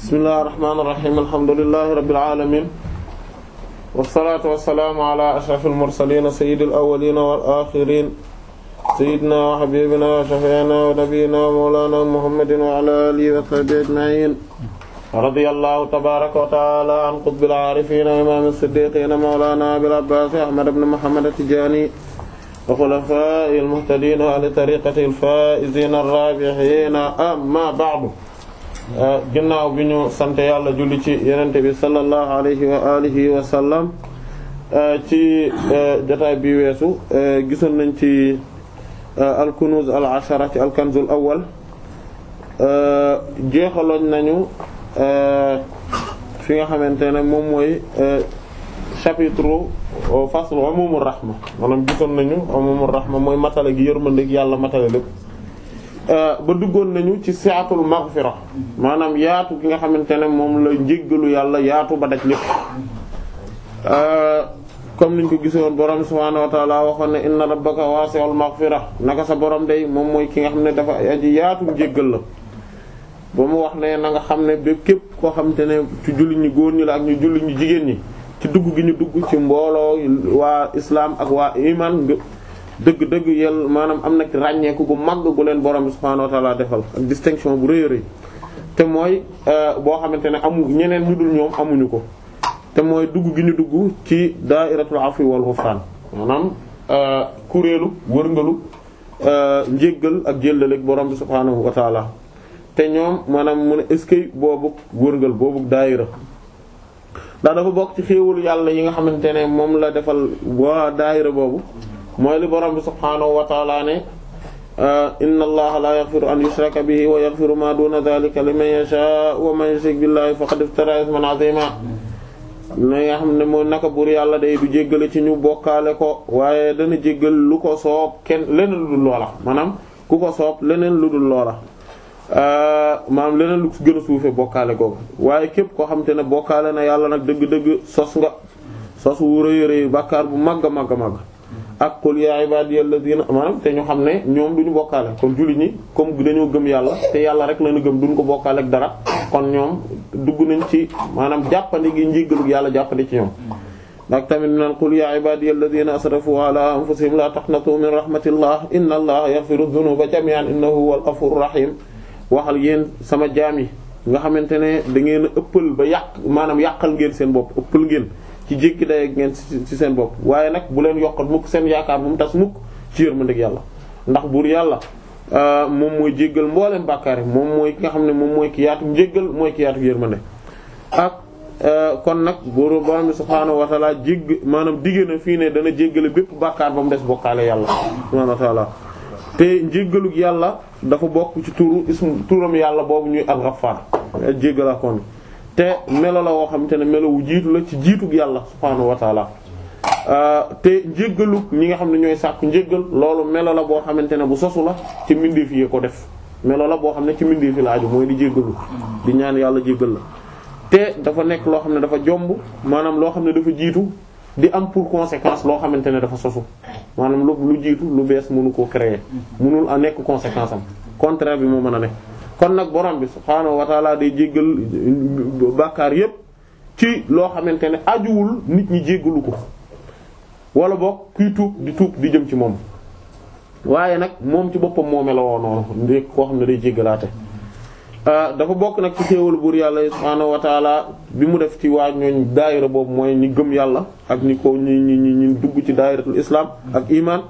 bismillahir rahmanir rahim alhamdulillahi rabbil alamin wassalaatu wassalaamu ala ashrafil mursaliin sayyidil awwaliin wal aaxiriin sayyidinaa wa habiibinaa wa shafii'inaa wa nabiyyinaa wa mawlaanaa muhammadin wa ala aalihi wa sahbihi ajma'iin radiyallaahu tabaaraka wa ta'aalaa an qutbil aarifiin imaam as-siddiqiin mawlaanaa abil abbaas ahmad ibn muhammad at-tijaani وخلفائه المهتدين على طريقته الفائزين الرابحين أما بعد ginnaaw bi ñu sante yàlla julli ci yenente bi sallallahu alayhi wa alihi wa sallam ci jotaay bi weesu gisoon nañ ci al kunuz al ci al kanzul awwal nañu fi nga xamante ne moom mooy chapitre fasl umumur rahma maanaam gisoon nañu umumur rahma mooy matale gi yërmandeeg yàlla matale lépp euh, ba duggoon nañu ci siatul maghfira maanaam yaatu ki nga xamante ne moom la njéggalu yàlla yaatu ba daj lépp euh, comme niñ ko gisoon borom subhaanahu wa ta'ala waxoon ne inna rabbaka wasi'ul maghfira naka sa borom day moom mooy ki nga xam ne dafa aji yaatu njéggal la ba mu wax ne na nga xam ne bépp képp koo xamante ne ci julli ñu góor ñi la ak ñu jullit ñi jigéen ñi ci dugg gi ñu dugg ci mbooloo waa islaam ak waa iman dëgg-dëgg yel maanaam am na ràññeeku gu màgg gu leen borom bi subhaanahu wa defal ak distinction bu rëy rëy te mooy euh, boo xamante ne amu ñeneen ñu dul ñoom amuñu ko te mooy dugg gi ñu dugg ci da'iratul afwi wal ghufran maanaam euh, kuréelu wërngalu euh, njéggal ak jéllaleeg borom bi subhaanahu wa te ñoom maanaam mu ne ce que boobu wërngal boobu daayira ndax dafa bokk ci xéewalu yàlla yi nga xamante ne moom la defal waa daayira boobu mooy li borom bi subhaanahu wa taala ne inna allaha la yaghfiru an yushraka bihi wa yaghfiru ma duna dhalika liman yasha wa man yushrik billahi faqad iftara isman azima li nga xam ne mooy naka buur yàlla day du jéggale ci ñu bokkaale ko waaye dana jéggal lu ko soob kenn leneen lu dul loola maanaam ku ko soob leneen lu dul loola Euh, maam leneen lu gën a suufe bokkaale googu waaye képp koo xamante ne bokkaale na yàlla nag dëgg-dëgg sos nga sos wu rëy rëy bakkaar bu màgg a màgg a màgg ak qul yaa ibadiyal ladina maanaam te ñu xam ne ñoom ñu bokkaale kon jullit ñi comme dañoo gëm yàlla te yàlla rek lañu gëm duñ ko bokkaale ak dara kon ñoom dugg nañ ci maanaam jàppandi gi njéggalug yàlla jàppandi ci ñoom ndax tamit naan qul yaa ibadiyal ladina asrafu ala anfusihim la taqnatu min rahmatillah inna allaha yaghfiru dhunuba jami'an innahu huwal ghafurur rahim waxal yéen sama jaam yi nga xamante ne da ngeen a ëppal ba yàq maanaam yàqal ngeen seen bopp ëppal ngeen ci jékki day ngeen ci seen bopp waaye nag buleen leen yokkal mukk seen yaakaar bu mu tas mukk ci yërmandeeg yàlla ndax buur yàlla euh, moom mooy jéggal mboolem bàkkaar moom mooy ki nga xam ne moom mooy ki yaatu njéggal mooy ki yaatu yërmande ak euh, kon nag buur borom bi subhaanahu wa ta'ala jégg maanaam digg na fii ne dana jéggale bépp bàkkaar ba mu des bokkaale yàlla subhaanahu wa te njéggalug yàlla dafa bokk ci turu ismu turam yàlla boobu ñuy al-Ghaffar jéggalaakoon te melo la woo xamante ne melo wu jiitu la ci jiitug yàlla subhaanahu wa taala euh, te njéggalug ñi nga xam ne ñooy sàkku njéggal loolu melo la boo xamante ne bu sosu la ci mbindeef yi ko def melo la boo xam ne ci mbindeef yi la aju mooy di jéggalu di ñaan yàlla jéggal la te dafa nekk loo xam ne dafa jomb maanaam loo xam ne dafa jiitu di am pour conséquence loo xamante ne dafa sosu maanaam lu lu jiitu lu bees mënu koo créer mënul a nekk conséquence am contraire bi moo mën a ne kon nag borom bi subhaanahu wa taala day jéggal bàkkaar yépp ci loo xamante ne ajuwul nit ñi jéggalu ko wala boog kuy tuub di tuub di jëm ci moom waaye nag moom ci boppam moome la woo noonu ndéeg koo xam ne day jéggalaate Euh, dafa bokk nag ci xéewal buur yàlla subhaanahu wa taala bi mu def ci waa ñooñ daayira boobu mooy ñi gëm yàlla ak ni ko ñi ñi ñi ñi dugg ci daayiratul islaam ak iman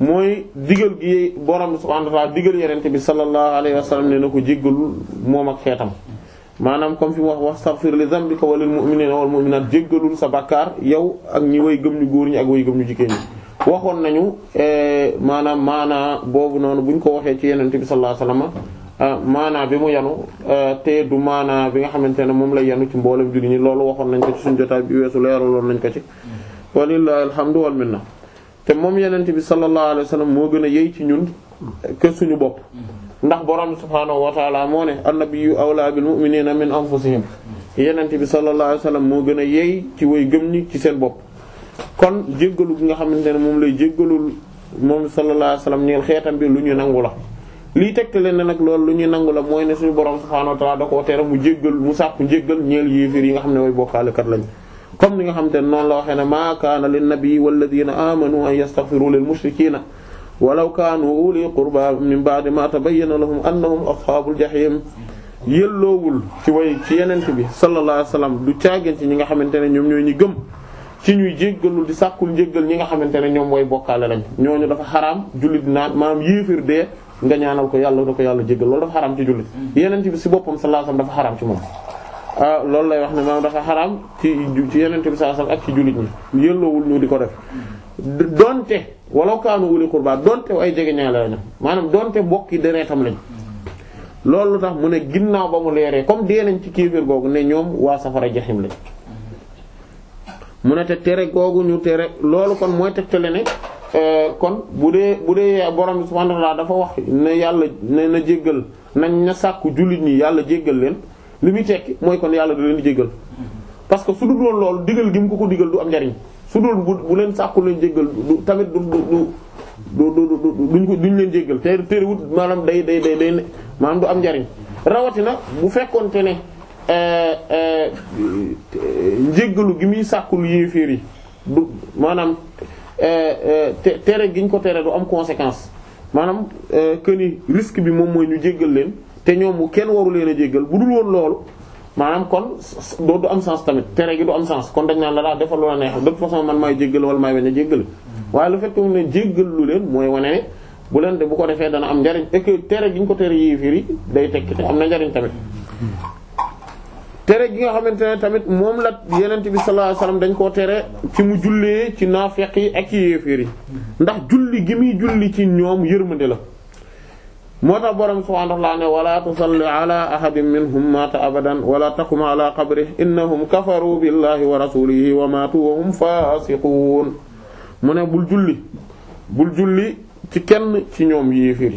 mooy digal gi borom subhaanahu wa taala digal yenente bi sallallahu alayhi wa sallam ne na ko jéggalul moom ak xeetam maanaam comme fi mu wax wastaghfir li dhanbika wa lil mu'minina wal mu'minat jéggalul sa bàkkaar yow ak ñi way gëm ñu góor ñi ak way gëm ñu jigéen ñi waxoon nañu eh, maanaam maanaa boobu noonu buñ ko waxee ci yenente bi sallallahu alayhi wa sallam Euh, maanaa bi mu yanu euh, te du maanaa bi nga xamante ne moom lay yenu ci mboolem julli ñi loolu waxoon nañ ko ci suñu jotaay bi weesu leeraloon nañ ko ci walillahi alhamdu wal minna te moom yenente bi sallallahu alayhi wa moo gën a yey ci ñun que suñu bopp ndax borom subhaanahu wa ta'ala moo ne annabiyyu awlaa bil mu'minina min anfusihim yenente bi sallallahu alayhi wa moo gën a yey ci way gëm ñi ci seen bopp kon jéggalu bi nga xamante ne moom lay jéggalul moom sallallahu alayhi wa sallam ñeel xeetam bi lu ñuy nangu la lii tekkale na nag loolu lu ñuy nangu la mooy ne suñu borom subhaanahu wa ta'aala da koo tere mu jéggal mu sàkku njéggal ñeel yéeféer yi nga xam ne mooy bokkaalekat lañu comme ni nga xam te noonu la waxee ne maa kaana lin nabiyyi walladhiina aamanu an yastaghfiru lil mushrikiina walaw kaanu uli qurba min ba'di ma tabayyana lahum annahum ashaabul jahiim yelloowul ci way ci yenent bi sallallahu alayhi wasallam du caagin ñi nga xamante ne ñoom ñooy ñi gëm ci ñuy jéggalul di sàkkul njéggal ñi nga xamante ne ñoom way bokkaale lañ ñooñu dafa xaraam jullit naan maanaam yéefir dee nga ñaanal ko yàlla da ko yàlla jéggal loolu dafa xaraam ci jullit yeneen bi si boppam sa alayhi wasallam dafa xaraam ci moom ah, loolu lay wax ne maanaam dafa xaraam ci ci yeneen bi sallallahu alayhi ak ci jullit ñi yelloowul ñu di ko def donte walaw kaanu uli qurba donte ay jege ñaale lañu maanaam donte bokki deretam lañ loolu tax mu ne ginnaaw ba mu leeree comme dee nañ ci kéefër googu ne ñoom waa safara jaxim lañ mu ne te tere googu ñu tere loolu kon mooy tegtale ne Euh, kon bu dee bu dee borom subhaanahu wa ta'aala dafa wax ne yàlla ne na jéggal nañ na sàkku yàlla jéggal leen li muy tekki mooy kon yàlla du parce que su dul woon loolu gi ko ko digal du am njariñ su dul bu bu leen sàkku leen jéggal du tamit du du du duñ ko duñ leen jéggal te terewut maanaam day day day day maanaam du am njariñ rawatina bu fekkoonte ne njéggalu euh, euh, gi muy sàkkul yéeféer yi maanaam tere gi ñu ko tere du am conséquence maanaam euh, que ni risque bi moom mooy ñu jéggal leen te ñoom kenn waru leen a jéggal bu dul woon loolu maanaam kon doo du am sens tamit tere gi du am sens kon dañ naan la daal defal lu la neex de façon man maay jéggal wala maay bañ a jéggal waaye le fait que mu ne jéggal lu leen mooy wane ne bu leen de bu ko defee dana am njariñ et tere gi ñu ko tere yéefir yi day tekki am na njariñ tamit tere gi nga xamante ne tamit moom la yenent bi sallallahu dañ koo tere ci mu jullee ci naafeq yi ak ci ndax julli gi muy julli ci ñoom yërmande la moo tax boroom subhaanahu wa ne wala tusalli ala ahadin minhum kafaru billahi wa rasulihi wa maatu wa hum faasiquun mu ne bul julli bul julli ci kenn ci ñoom yéeféer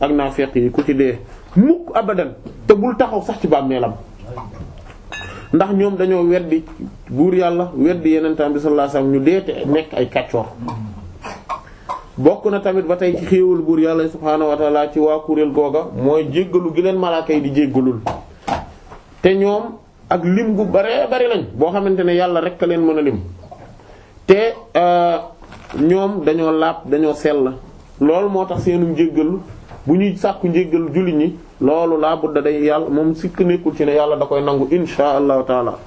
ak naafeq ku ci dee mukk abadan te bul taxaw sax ci bàmmeelam ndax ñoom dañoo weddi buur yàlla weddi yenentaan bi sallallahu alayhi wasallam ñu dee nekk ay kàccoor bokk na tamit ba tey ci xéewal buur yàlla subhaanahu wa ta'ala ci waa kuréel googa mooy jéggalu gi leen malaaka yi di jéggalul te ñoom ak lim gu bare bari lañ boo xamante ne yàlla rek a leen mën a lim te euh, ñoom dañoo laab dañoo sell lool moo tax seenum jéggalu bu ñuy sàkku njéggal jullit ñi loolu laa budda day yàlla moom sikk nekkul ci ne yàlla da koy nangu insha allahu taala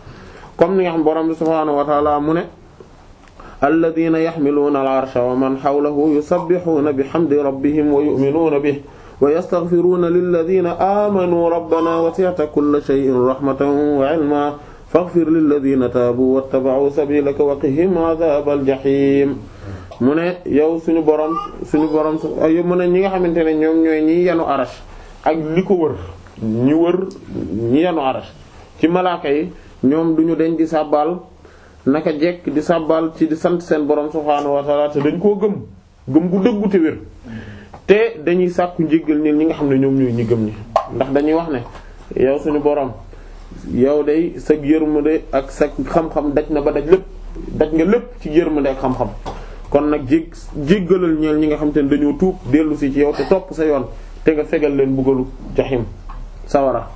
comme ni nga xam borom bi subhaanahu wa taala mu ne alladina yaxmiluuna al arsha wa man xawlahu yusabbixuuna bi xamdi rabbihim wa yuminuuna bih wa yastaghfiruuna lilladina aamanuu rabbana wasi'ta kulla shay'in rahmatan wa ilma faghfir lilladina taabu wattaba'u sabilaka wa qihim adhaabal jahiim mu ne yow suñu borom suñu borom yow mu ne ñi nga xamante ne ñoom ñooy ñi yanu arash ak li ko wër ñu wër ñi yanu arash ci malaaka yi ñoom duñu deñ di sàbbaal naka jekk di sàbbaal ci di sant seen borom subhaanahu wa dañ koo gëm gëm gu dëggu te wér te dañuy sàkku njéggal ñi nga xam ne ñoom ñooy ñi gëm ñi ndax dañuy wax ne yow suñu borom yow day sag yërmande ak sag xam-xam daj na ba daj lépp daj nga lépp ci yërmande ak xam-xam kon nag jég jéggalal ñeel ñi nga xam te ne dañoo tuub dellu si ci yow te topp sa yoon te nga fegal leen buggalu jaxim sawara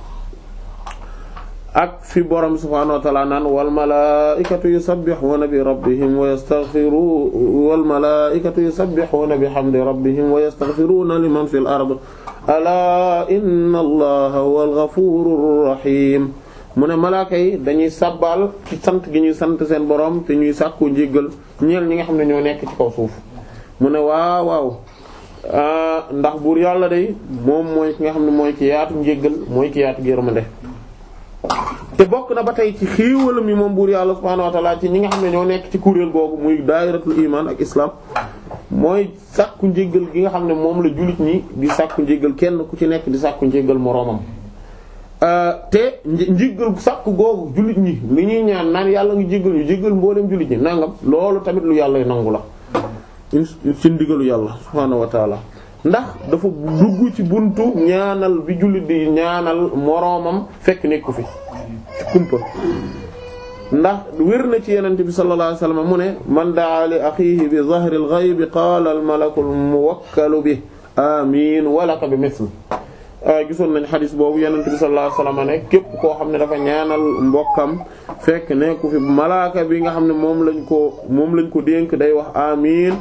ak fi borom subhaanahu wa ta'ala naan wal malaa'ikatu yusabbihuuna bi rabbihim wa yastaghfiruun wal malaa'ikatu yusabbihuuna bihamdi rabbihim wa yastaghfiruuna liman fil ard alaa inna allaha huwal ghafuurur rahiim mu ne malaaka yi dañuy sàbbaal ci sant gi ñuy sant seen borom te ñuy sàkku njéggal ñeel ñi nga xam ne ñoo nekk ci kaw suuf mu ne waaw waaw ah, ndax buur yàlla day moom mooy ki nga xam ne mooy ki yaatu njéggal mooy ki yaatu yërmande te bokk na ba tey ci xéewalam yi moom buur yàlla subhaanahu wa ta'aala ci ñi nga xam ne ñoo nekk ci kuréel googu muy daayiratul imaan ak islam mooy sàkku njéggal gi nga xam ne moom la jullit ñi di sàkku njéggal kenn ku ci nekk di sàkku njéggal moroomam Euh, te njiggal sàkk googu jullit ñi li ñuy ñaan naan yàlla ngi jéggal ñu jéggal mboolem jullit ñi nangam loolu tamit lu yàlla nangu la ci ndigalu yàlla subhaanahu wa ndax dafa dugg ci buntu ñaanal bi jullit di ñaanal moroomam fekk nekku fi ci kumpa ndax wér na ci yenente bi sallallahu alayhi wasallam mu ne man da'a li axihi bi zahri al-ghayb qaala al-malaku muwakkalu bi amiin walaka bi misl Eh, gisoon nañ xadis boobu yenent bi sallallahu alayhi wasallam ne képp koo xam ne dafa ñaanal mbokkam fekk ne ku fi malaaka bi nga xam ne moom lañ ko moom lañ ko dénk day wax amin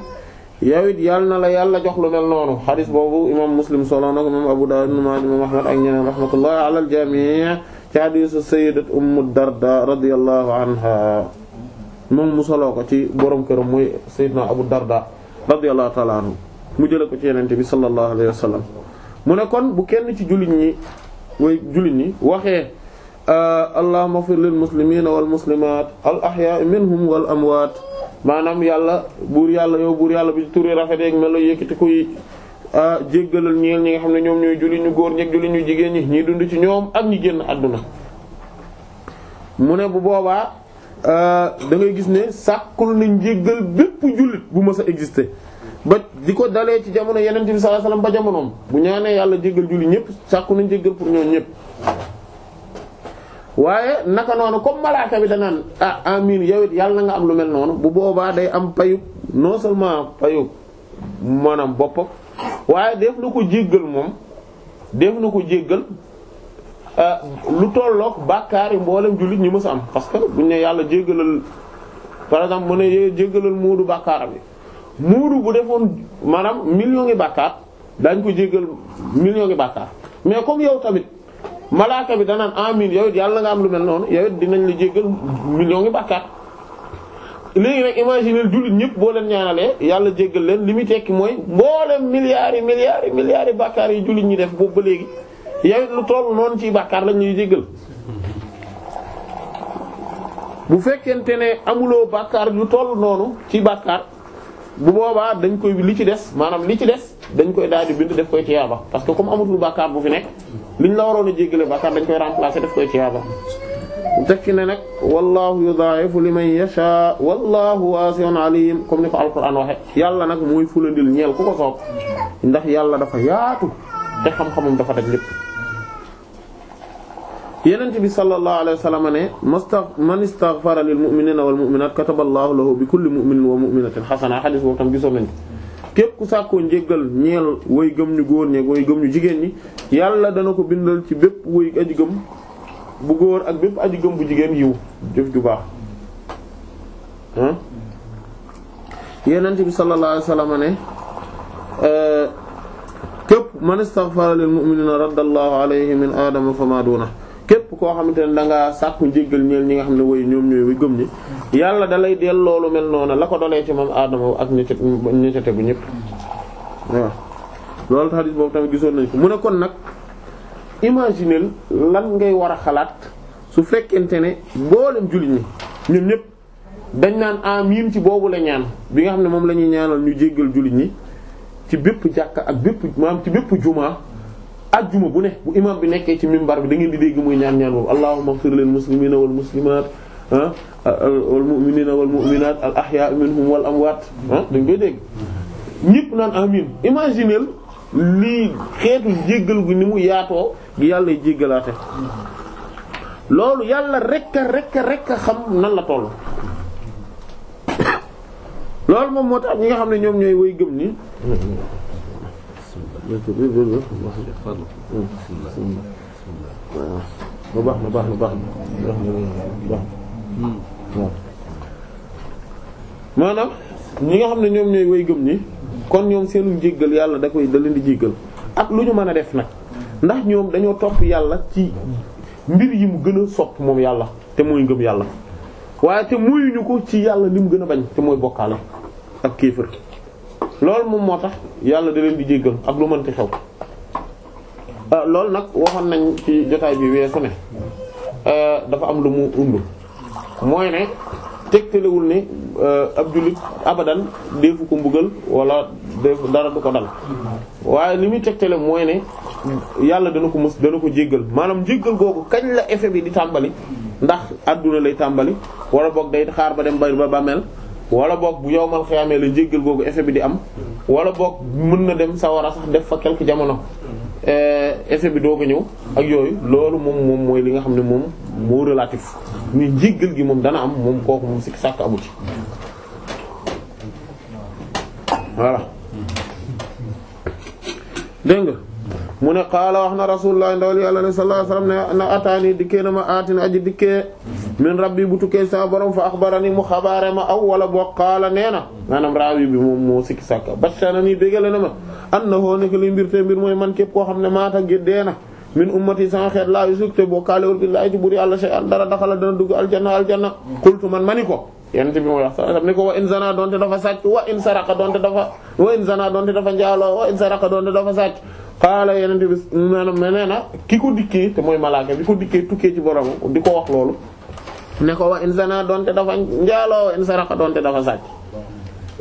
yow it yàlla na la yàlla jox lu mel noonu xadis boobu imam muslim solo na ko imam abu dawud imam ahmad ak ñeneen ak ala al jami' ci xadisu sayyidat ummu darda radiyallahu anha moom mu soloo ko ci borom këram muy sayyidna abu darda radiyallahu ta'ala anhu mu jële ko ci yenente bi sallallahu alayhi wasallam mu ne kon bu kenn ci jullit ñi way jullit ñi waxee euh, allahumma fir lil muslimina wal muslimat al ahya'i minhum wal amwaat maanaam yàlla buur yàlla yow buur yàlla bi turi rafet ak melo yëkkati koy euh, jéggalal ñeel ñi nga xam ne ñoom ñooy jullit ñu góor ñeeg jullit ñu jigéen ñi ñiy dund ci ñoom ak ñi génn àdduna mu ne bu boobaa euh, da ngay gis ne sàkkul nañ jéggal bépp jullit bu mësa a ba di ko dalee ci jamono yeneen bi sallallahu ba jamonoom bu ñaanee yàlla jéggal julli ñëpp sàkku nañ jéggal pour ñoo ñëpp waaye naka noonu comme malaaka bi danaan ah amin yow it yàlla na nga am lu mel noonu bu boobaa day am payub non seulement payub maanaam bopp waaye def na ko jéggal moom def na ko jéggal ah, lu tolloog bàkkaar yi mboolem jullit ñu mës a am parce que ñu ne yàlla jéggalal par exemple mu ne yee jéggalal muudu bàkkaaram yi muudu bu defoon maanaam million ngi bàkkaar dañ ko jéggal million ngi bàkkaar mais comme yow tamit malaaka bi danaan amin yow it yàlla nga am lu mel noonu yow dinañ la jéggal million ngi bàkkaar léegi nag imaginer jullit ñëpp boo leen ñaanalee yàlla jéggal leen li muy tekki mooy mboolem milliards yi milliards yi milliards yi bàkkaar jullit ñi def boobu ba léegi yow it lu toll noonu ci bàkkaar lañ ne amuloo bàkkaar lu noonu ci bàkkaar bu boobaa dañ koy li ci des maanaam li ci des dañ koy daal di bind def koy tiyaaba parce que comme amatul bàkkaar bu fi nekk liñ la waroon a jéggale bàkkaar dañ koy remplacer def koy tiyaaba teg ci ne nag wallahu yudaa'ifu liman yashaa wallahu waasi'un aliim comme ni ko alquran waxe yàlla nag muy fule fulandil ñeel ku ko soob ndax yàlla dafa yaatu te xam-xamam dafa daj lépp yenent bi sallallahu alayhi wa sallam ne masta man istaghfara lil mu'minina wal mu'minat kataballahu lahu bi kulli mu'minin wa mu'minatin hasana xadis boobu tam gisoon nañ képp ku sàkkoo njéggal ñeel way gëm ñu góor ñeeg way gëm ñu jigéen ñi yàlla dana ko bindal ci bépp way aji bu góor ak bépp aji gëm bu jigéen yiw jëf ju baax yenent bi sallallahu alayhi wa sallam ne képp man istaghfara lil mu'minina alayhi min adama fa ma koo xamante ne da nga sàkku njéggal ñeel ñi nga xam ne way ñoom ñooy way gëm ñi yàlla dalay lay del loolu mel noonu la ko dolee ci moom aadama ak ñi ca ñi ca tegu ñëpp waaw loolu hadith boobu tamit gisoon nañ ko mu ne kon nag imaginer lan ngay war a xalaat su fekkente ne mboolem jullit ñi ñoom ñëpp dañ naan amiin ci boobu la ñaan bi nga xam ne moom la ñuy ñaanal ñu jéggal jullit ñi ci bépp jàkka ak bépp maanaam ci bépp jumaa ajjuma bu ne bu imam bi nekkee ci mimbar bi dangeen di dégg muy ñaan ñaan boobu allahumma ighfir lil muslimina wal muslimat ah, wal mu'minina wal mu'minat al ahya'i minhum wal amwat ah, dañ dégg ñëpp naan amin imagineel lii xeetu jéggal gu ni mu yaatoo gi yàlla jéggalaate loolu yàlla rekk a rek a a xam nan la toll loolu moom moo tax ñi nga xam ne ñoom ñooy way gëm ni waaw baax na baax na baax na baax na waaw ñi nga xam ne ñoom ñooy way gëm ni kon ñoom seenu jéggal yàlla da koy da leen di jéggal ak lu ñu mën a def nag ndax ñoom dañoo topp yàlla ci mbir yi mu gën a sopp moom yàlla te mooy ngëm yàlla waaye te muyuñu ko ci yàlla li mu gën a bañ te mooy bokkaale ak kéefër loolu moom moo tax yàlla da leen di jéggal ak lu mënti xew euh, loolu nag waxoon nañ ci jotaay bi weesu ne euh, dafa am lu mu undu mooy ne tegtalewul ne euh, ab jullit abadan deefu ko mbugal wala deefu dara du ko dal waaye li muy tegtale mooy ne yàlla dana ko mës dana ko jéggal maanaam jéggal googu kañ la effet bi di tàmbali ndax àdduna lay tàmbali wala boog day xaar ba dem ba ba bàmmeel wala boog bu yowmal xiyaamee la jéggal googu effet bi di am wala boog mën na dem sawara sax def fa quelque jamono eh, effet bi doog a ñëw ak yooyu loolu moom moom mooy li nga xam ne moom moo relatif ni jéggal gi moom dana am moom kooku moom sikki sàkk amu ci voilà mu ne qaala wax na rasulullah ndawal yàlla ne sallallahu alayhi wasallam na ataani dikkee na ma aatina min rabbi bu tukkee sa borom fa axbarani mu xabaare ma aw wala boo qaala nee na maanaam raawi bi moom moo sikki sàkka battana nii bégale na ma annahu nekk li mbir te mbir mooy man képp koo xam ne maata géddee na min ummati sama xeet laa yusukte boo kaalewul billaahi ci buri yàlla shay'an dara daxala dana dugg aljanna aljanna qultu man mani ko yent bi mooy wax sax ni ko wa in zana donte dafa sàcc wa xaala yenente bi maanaam nee na ki ko dikkee te mooy malaaka bi ko dikkee tukkee ci borom di ko wax loolu ne ko wa insana donte dafa njaaloo wa insaraka donte dafa sàcc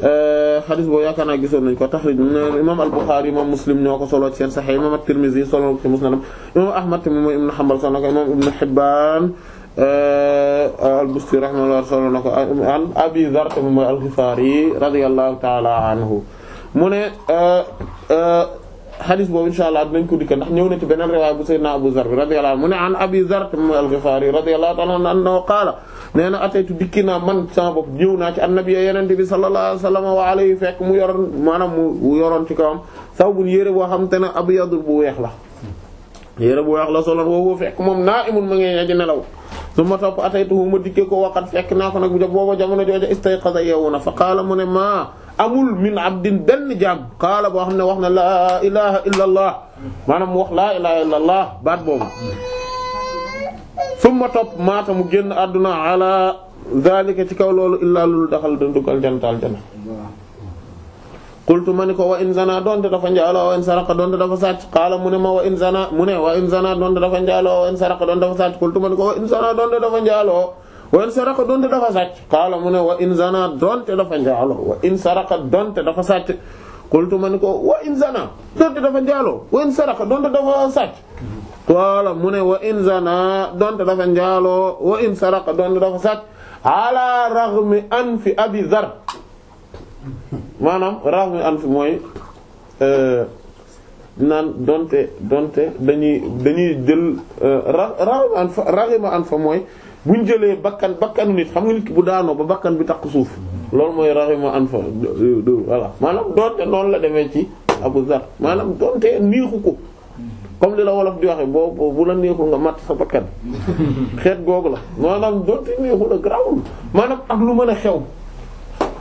euh, xadis boobu yaakaar naa gisoon nañ ko tax taxrij imam al-Bukhari imam Muslim ñoo ko solo ci seen Sahih imam at-Tirmidhi solo na Musnadam imam Ahmad tamit mooy Ibn Hanbal solo na ko imam Ibn Hibban euh, al-Busti rahimahullah solo na ko an Abi Dharr tamit mooy al-Ghifari radiyallahu ta'ala anhu mu ne euh, xadis boobu insha allah ko dikka na ci beneen riwaaya bu sayyidina Abu Zar bi radiyallahu anhu mu ne an Abi Zar al-Ghifari radiyallahu ta'ala anhu na ataytu dikki naa man naa ci annabi yenente bi sallallahu alayhi wa sallam wa alayhi fekk mu yoroon maanaam mu yoroon ci kawam saw bu yére boo xam te ne abyadul bu weex la yére bu weex la soloon woowu fekk moom naa imul ma ngee aji nelaw su ma topp ataytuhu ma dikkee ko waqat fekk naa ko nag bu jop booba jamono jooja istayqaza yeewu na fa qaala mu ne ma amul min abdin benn jaam kaala boo xam ne wax na laa ilaha illa allah maanaam wax laa ilaha illa allah baat boobu summa topp maata mu génn àdduna ala zalika ci kaw loolu illaa lulu daxal da dugg aljanta aljana qultu ma ni ko wa in zana doonte dafa njaaloo wa in saraka doonte dafa sàcc mu ne ma wa in zana mu doonte dafa njaaloo wa in doonte dafa sàcc wa in saraka donte dafa sàcc qaala mu ne wa in zana donte dafa njaaloo wa saraka donte dafa sàcc qultu ma ni ko wa in zana donte dafa njaaloo wa in saraka donte dafa sàcc qaala mu ne wa in donte dafa njaaloo wa in saraka donte dafa sàcc ala raghmi anfi abi dhar maanaam raghmi anfi mooy euh, naan donte donte dañuy da jël euh, raghmi anfa raghmi anfa mooy bu ñu jëlee bakkan bakkanu nit xam nga nit ki bu daanoo ba bakkan bi takk suuf loolu mooy raxima an fa voilà maanaam doonte noonu la demee ci Abu Zar maanaam doonte niixu ko comme li la wolof di waxe boo bu la neexul nga mat sa bakkan xeet googu la maanaam doonte neexu la maanaam ak lu mën a xew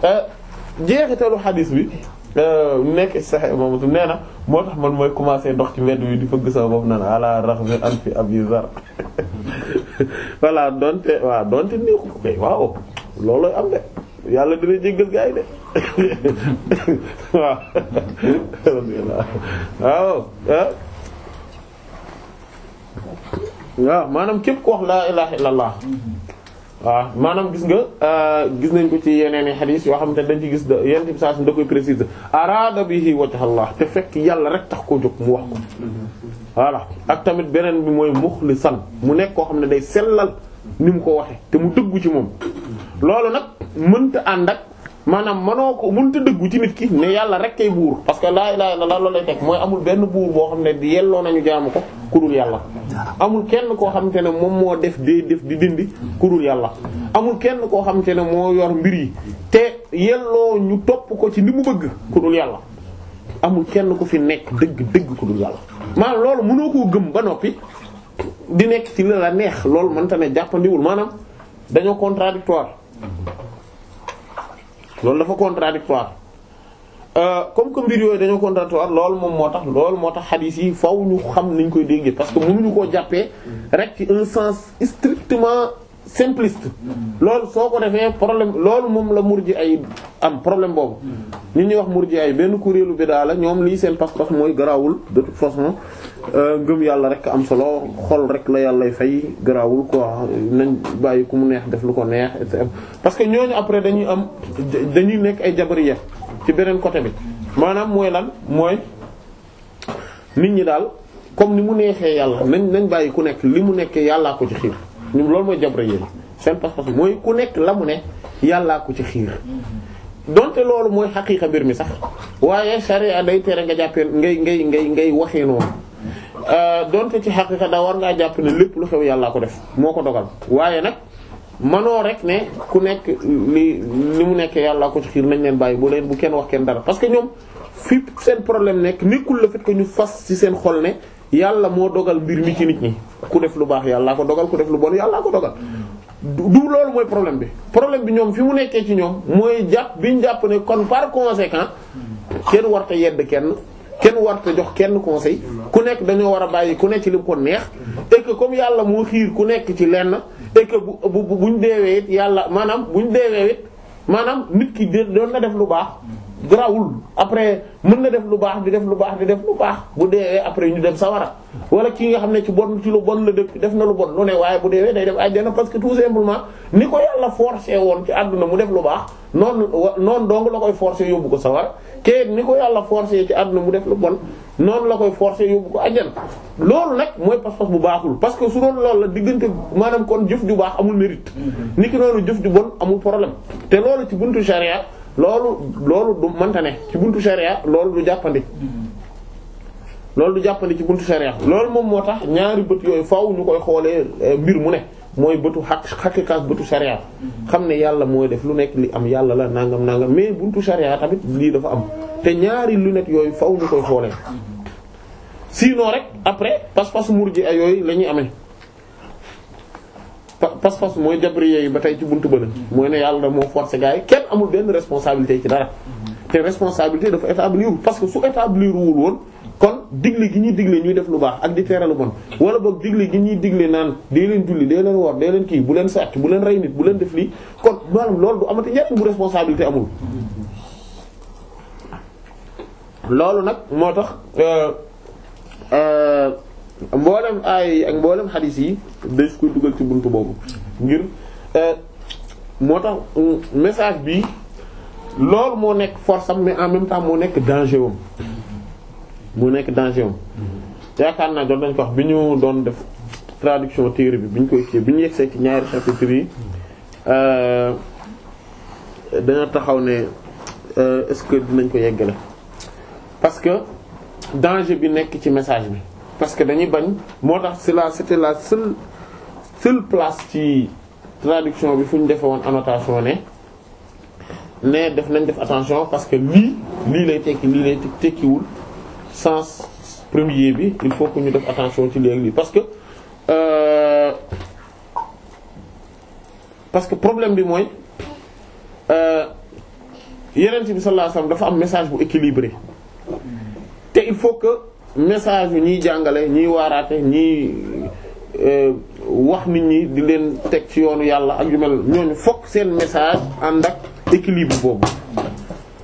eh, jeexitalu xadiis bi Euh, nekk saxe moom nee na moo tax man mooy commencer ndox ci mbedd bi di fëgg sama na naan ala raxmi an fi abi zar voilà donte waaw donte néexu ko kay waaw loolooy am de yàlla dina jéggal gaa yi de waaw waaw ah. waaw maanaam képp ku wax laa ilaha illallah waaw maanaam gis nga euh, gis nañ ko ci yeneen yi xadis yoo xam ne dañ ci gis da yenn ci saa si da koy préciser araada bihi wajha Allah te fekk yàlla rek tax ko jóg mu wax ko voilà ak tamit beneen bi mooy muxlisan mu nekk koo xam ne day sellal ni mu ko waxee te mu dëggu ci moom loolu nag mënta ànd ak maanaam manoo ko mënta dëggu ci nit ki ne yàlla rek kay buur parce que laa ilaaha illallaah loolu lay teg mooy amul benn buur boo xam ne yelloo nañu jaamu ko kurul yàlla amul kenn koo xamante ne moom moo def dee def di dindi kurul yàlla amul kenn koo xamante ne moo yor mbir yi te yelloo ñu topp ko ci li mu bëgg kurul yàlla amul kenn ku fi nekk dëgg dëgg kurul yàlla maanaam loolu mënoo koo gëm ba noppi di nekk ci la la neex loolu mënta ne jàppandiwul maanaam dañoo contradictoire loolu dafa contradictoire euh, comme que mbir yooyu dañoo contradictoire loolu moom moo tax loolu moo tax xadiis yi faw ñu xam nañ koy déggee parce que mënuñu koo jàppee rek ci un sens strictement simpliste loolu soo ko defee problème loolu moom la murji ay am problème boobu ñu ñuy wax murji ay benn kuréelu biddaa la ñoom lii seen pas-pas mooy garaawul de toute façon euh, ngëm yàlla rek am solo xol rek la yàllay fay garaawul quoi nañ bàyyi ku mu neex def lu ko neex et parce que ñooñu après dañuy am dañuy nekk ay jabar jabariya ci beneen côté bi maanaam mooy lan mooy nit ñi daal comme ni mu neexee yàlla nañ nañ bàyyi ku nekk li mu nekkee yàllaa ko ci xiir ñoom loolu mooy jabra yéen seen pas-pas mooy ku nekk la mu ne yàllaa ko ci xiir donte loolu mooy xaqiiqa mbir mi sax waaye sharia day tere nga jàppee ngay ngay ngay ngay waxee noonu euh, donte ci xaqiiqa daa war ngaa jàpp ne lépp lu xew yàllaa ko def moo ko dogal waaye nag manoo rek ne ku nekk li li mu nekk yàllaa ko ci xiir nañ leen bàyyi bu leen bu kenn wax kenn dara parce que ñoom fi seen problème nekk nekkul la fait que ñu fas ci seen xol ne yàlla moo dogal mbir mi ci nit ñi ku def lu baax yàllaa ko dogal ku def lu bon yàllaa ko dogal du loolu mooy problème bi problème bi ñoom fi mu nekkee ci ñoom mooy jàpp bi ñu jàpp ne kon par conséquent kenn warta yedd kenn kenn warta jox kenn conseil ku nekk dañoo war a bàyyi ku nekk ci li mu ko neex et comme yàlla moo xiir ku nekk ci lenn et que bu bu buñ deewee it yàlla maanaam buñ deewee it maanaam nit ki doon na def lu baax grawul après mën na def lu baax di def lu baax di def lu baax bu deewee après ñu dem sawara wala ki nga xam ne ci bon ci lu bon la def def na lu bon lu waaye bu deewee day def àjjana parce que tout simplement ni ko yàlla forcé woon ci àdduna mu def lu baax noonu noonu dong la koy forcé yóbbu ko sawara ke ni ko yàlla forcé ci àdduna mu def lu bon noonu la koy forcé yóbbu ko àjjana loolu nag mooy pas-pas bu baaxul parce que su doon loolu la diggante maanaam kon jëf ju baax amul mérite mm-hmm. ni ki noonu jëf ju bon amul problème te loolu ci buntu charia loolu loolu du mënta ne ci buntu sharia loolu du jàppandi loolu du jàppandi ci buntu sharia loolu moom moo tax ñaari bët yooyu faaw ñu koy xoolee eh, mbir mu ne mooy bëtu xaq xaqiqaas bëtu sharia xam ne yàlla mooy def lu nekk li am yàlla la nangam nangam mais buntu sharia tamit lii dafa am te ñaari lunettes yooyu faaw ñu koy xoolee sinon rek après pas-pas murji ay yooyu la ñuy amee. pas-pas mooy jabriye yi ba tey ci buntu bële mooy ne yàlla moo forcé gars yi kenn amul benn responsabilité ci dara te responsabilité dafa établir parce que su établir wul woon kon digle gi ñuy digle ñuy def lu baax ak di tere bon wala boog digle gi ñuy digle naan dee leen julli dee leen woor dee leen kii bu leen sàcc bu leen rey nit bu leen def lii kon maanaam loolu du amati njariñ bu responsabilité amul. loolu nag moo tax. Euh, euh, mboolem aay ak mboolem xadis yi dañ koy dugal ci buntu boobu ngir eh, moo tax mm, message bi loolu moo nekk force am mais en même temps moo nekk danger wam moo nekk danger wam yaakaar naa doon dañ ko wax bi ñu doon def tradition téere bi bi ñu koy ci bi ñu yegsee ci ñaari chapitre yi eh, dañoo taxaw ne eh, est-ce que dinañ ko yeggale parce que danger bi nekk ci message bi parce que dañuy bañ moo tax c'est la c'était la seule seule place ci traduction bi fu ñu defe woon annotation ne ne def nañ def attention parce que lii lii lay tekki lii lay tekkiwul sens premier bi il faut que ñu def attention ci léegi lii parce que euh, parce que problème bi mooy euh, yeneen bi sallallahu dafa am message bu équilibré te il faut que message yu ñiy jàngale ñiy waaraate ñiy euh, wax nit ñi di leen teg ci yoonu yàlla ak yu mel ñooñu fokk seen message ànd ak équilibre boobu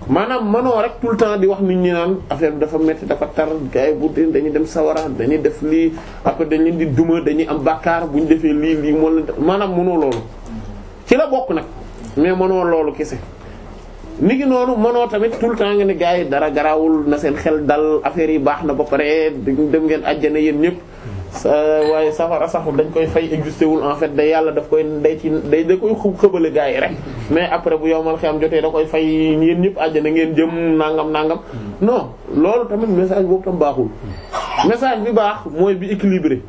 maanaam manoo rek tout le temps di wax nit ñi naan affaire bi dafa metti dafa tar gars bu dee dañuy dem sawara dañuy def lii après dañuy di duma dañuy am bàkkaar bu ñu defee lii lii moo maanaam mënoo loolu ci la bokk nag mais mënoo loolu kese ni ngi noonu mënoo tamit tout le temps nga ne gars yi dara garaawul na seen xel dal affaire yi baax na ba pare dem ngeen àjjana yéen ñëpp waaye safara saxul dañ koy fay existé wul en fait day yàlla daf koy day ci day da koy xub xëbale gars yi rek mais après bu yowmal xam jotee da koy fay yéen ñëpp àjjana ngeen jëm nangam nangam no loolu tamit message boobu tam baaxul message bi baax mooy bi équilibré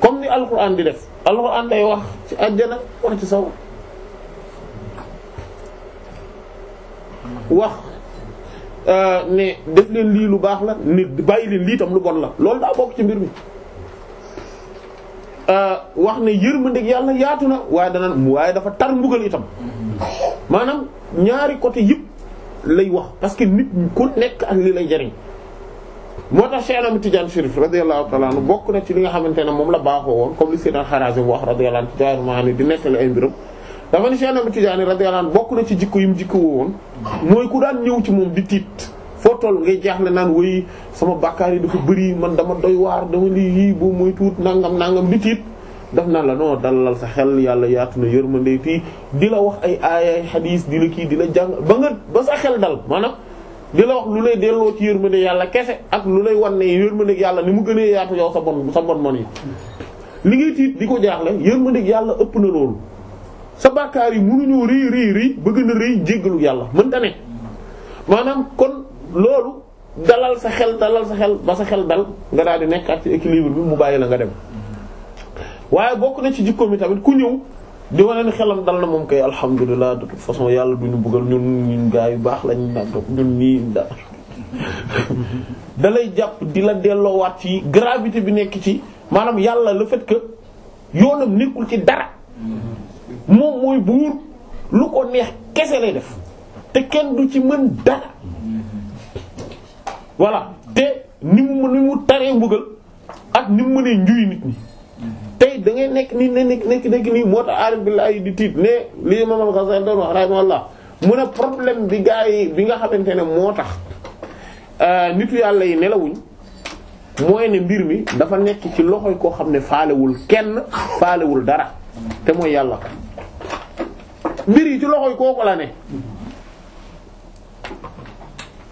comme ni alxuraan di def alxuraan day wax ci àjjana wax ci saw wax euh, ne def leen lii lu baax la ne bàyyi leen lii tam lu bon la lool daa bokk ci mbir mi euh, wax ne yërmandeeg yàlla yaatu na waaye dana waaye dafa tar mbugal itam maanaam ñaari côté yëpp lay wax parce que nit ku nekk ak li lay jariñ moo tax Cheikh Ahmed Tidiane Chérif radiyallahu bokk na ci li nga xamante ne moom la baaxoo woon comme li Seydina Harazim wax radiyallahu ta'ala anhu di nettali ay mbiram dafa ni Cheikh Ahmed Tidiane radiyallahu anhu bokk na ci jikko yi jikkoo woon mooy ku daan ñëw ci moom di tiit foo tol ngay jaaxle naan woy sama bàkkaar yi dafa bëri man dama doy waar dama lii yii boo mooy tuut nangam nangam di tiit daf naa la non lal sa xel yàlla yaatu na yërmande fii di la wax ay aayay xadiis di la kii di la jàng ba nga ba sa xel dal maanaam di la wax lu lay delloo ci yërmande yàlla kese ak lu lay wan ne yërmande yàlla ni mu gënee yaatu yow sa bon sa bon mon yi li ngay tiit di ko jaaxle yàlla ëpp na loolu sa bàkkaar yi munuñoo rëy rëy rëy ba gën a rëy jéggalu yàlla mënta ne maanaam kon loolu dalal sa xel dalal sa xel ba sa xel dal nga daal di nekk ak ci équilibre bi mu bàyyi la nga dem waaye bokk na ci jikkoom mi tamit ku ñëw di wane ni xelam dal na moom kay alhamdulilah de façon yàlla duñu bëggal ñun ñun gaa yu baax lañ naan ñun nii da dalay jàpp di la delloowaat ci gravité bi nekk ci maanaam yàlla le fait que yoonam nekkul ci dara moom mooy buur lu ko neex kese lay def te kenn du ci mën dara voilà te ni mu ni mu taree mbugal ak ni mu mënee njuy nit ñi tey da nekk ni ne nekk nekk nii moo tax aarif billah yi di tiit ne li Imam al-Ghazali doon wax rahimahullah mu ne problème bi gaa yi bi nga xamante ne moo tax euh, nitu yàlla yi nelawuñ mooy ne mbir mi dafa nekk ci loxoy koo xam ne faalewul kenn faalewul dara te mooy yàlla mbir yi ci loxoy kooku la ne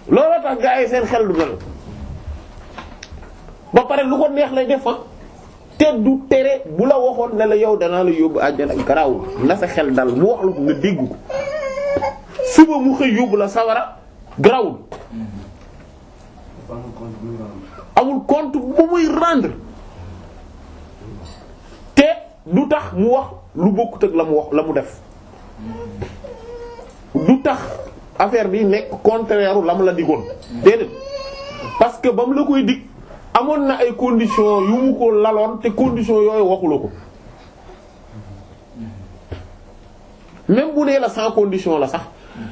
looloo tax gaa yi seen xel du mel ba pare lu ko neex lay def fa te du tere bu la waxoon ne la yow danaa la yóbbu àjjana garaawul na sa xel dal mu wax la ko nga dégg ko suba mu xëy yóbbu la sawara garaawul amul compte bu muy rendre te du tax mu wax lu bokkut ak la mu wax la mu def du tax affaire bi nekk contraire lam la digoon déedéet parce que ba mu la koy dig amoon na ay conditions yu mu ko laloon te conditions yooyu waxula ko même bu dee la sans condition la sax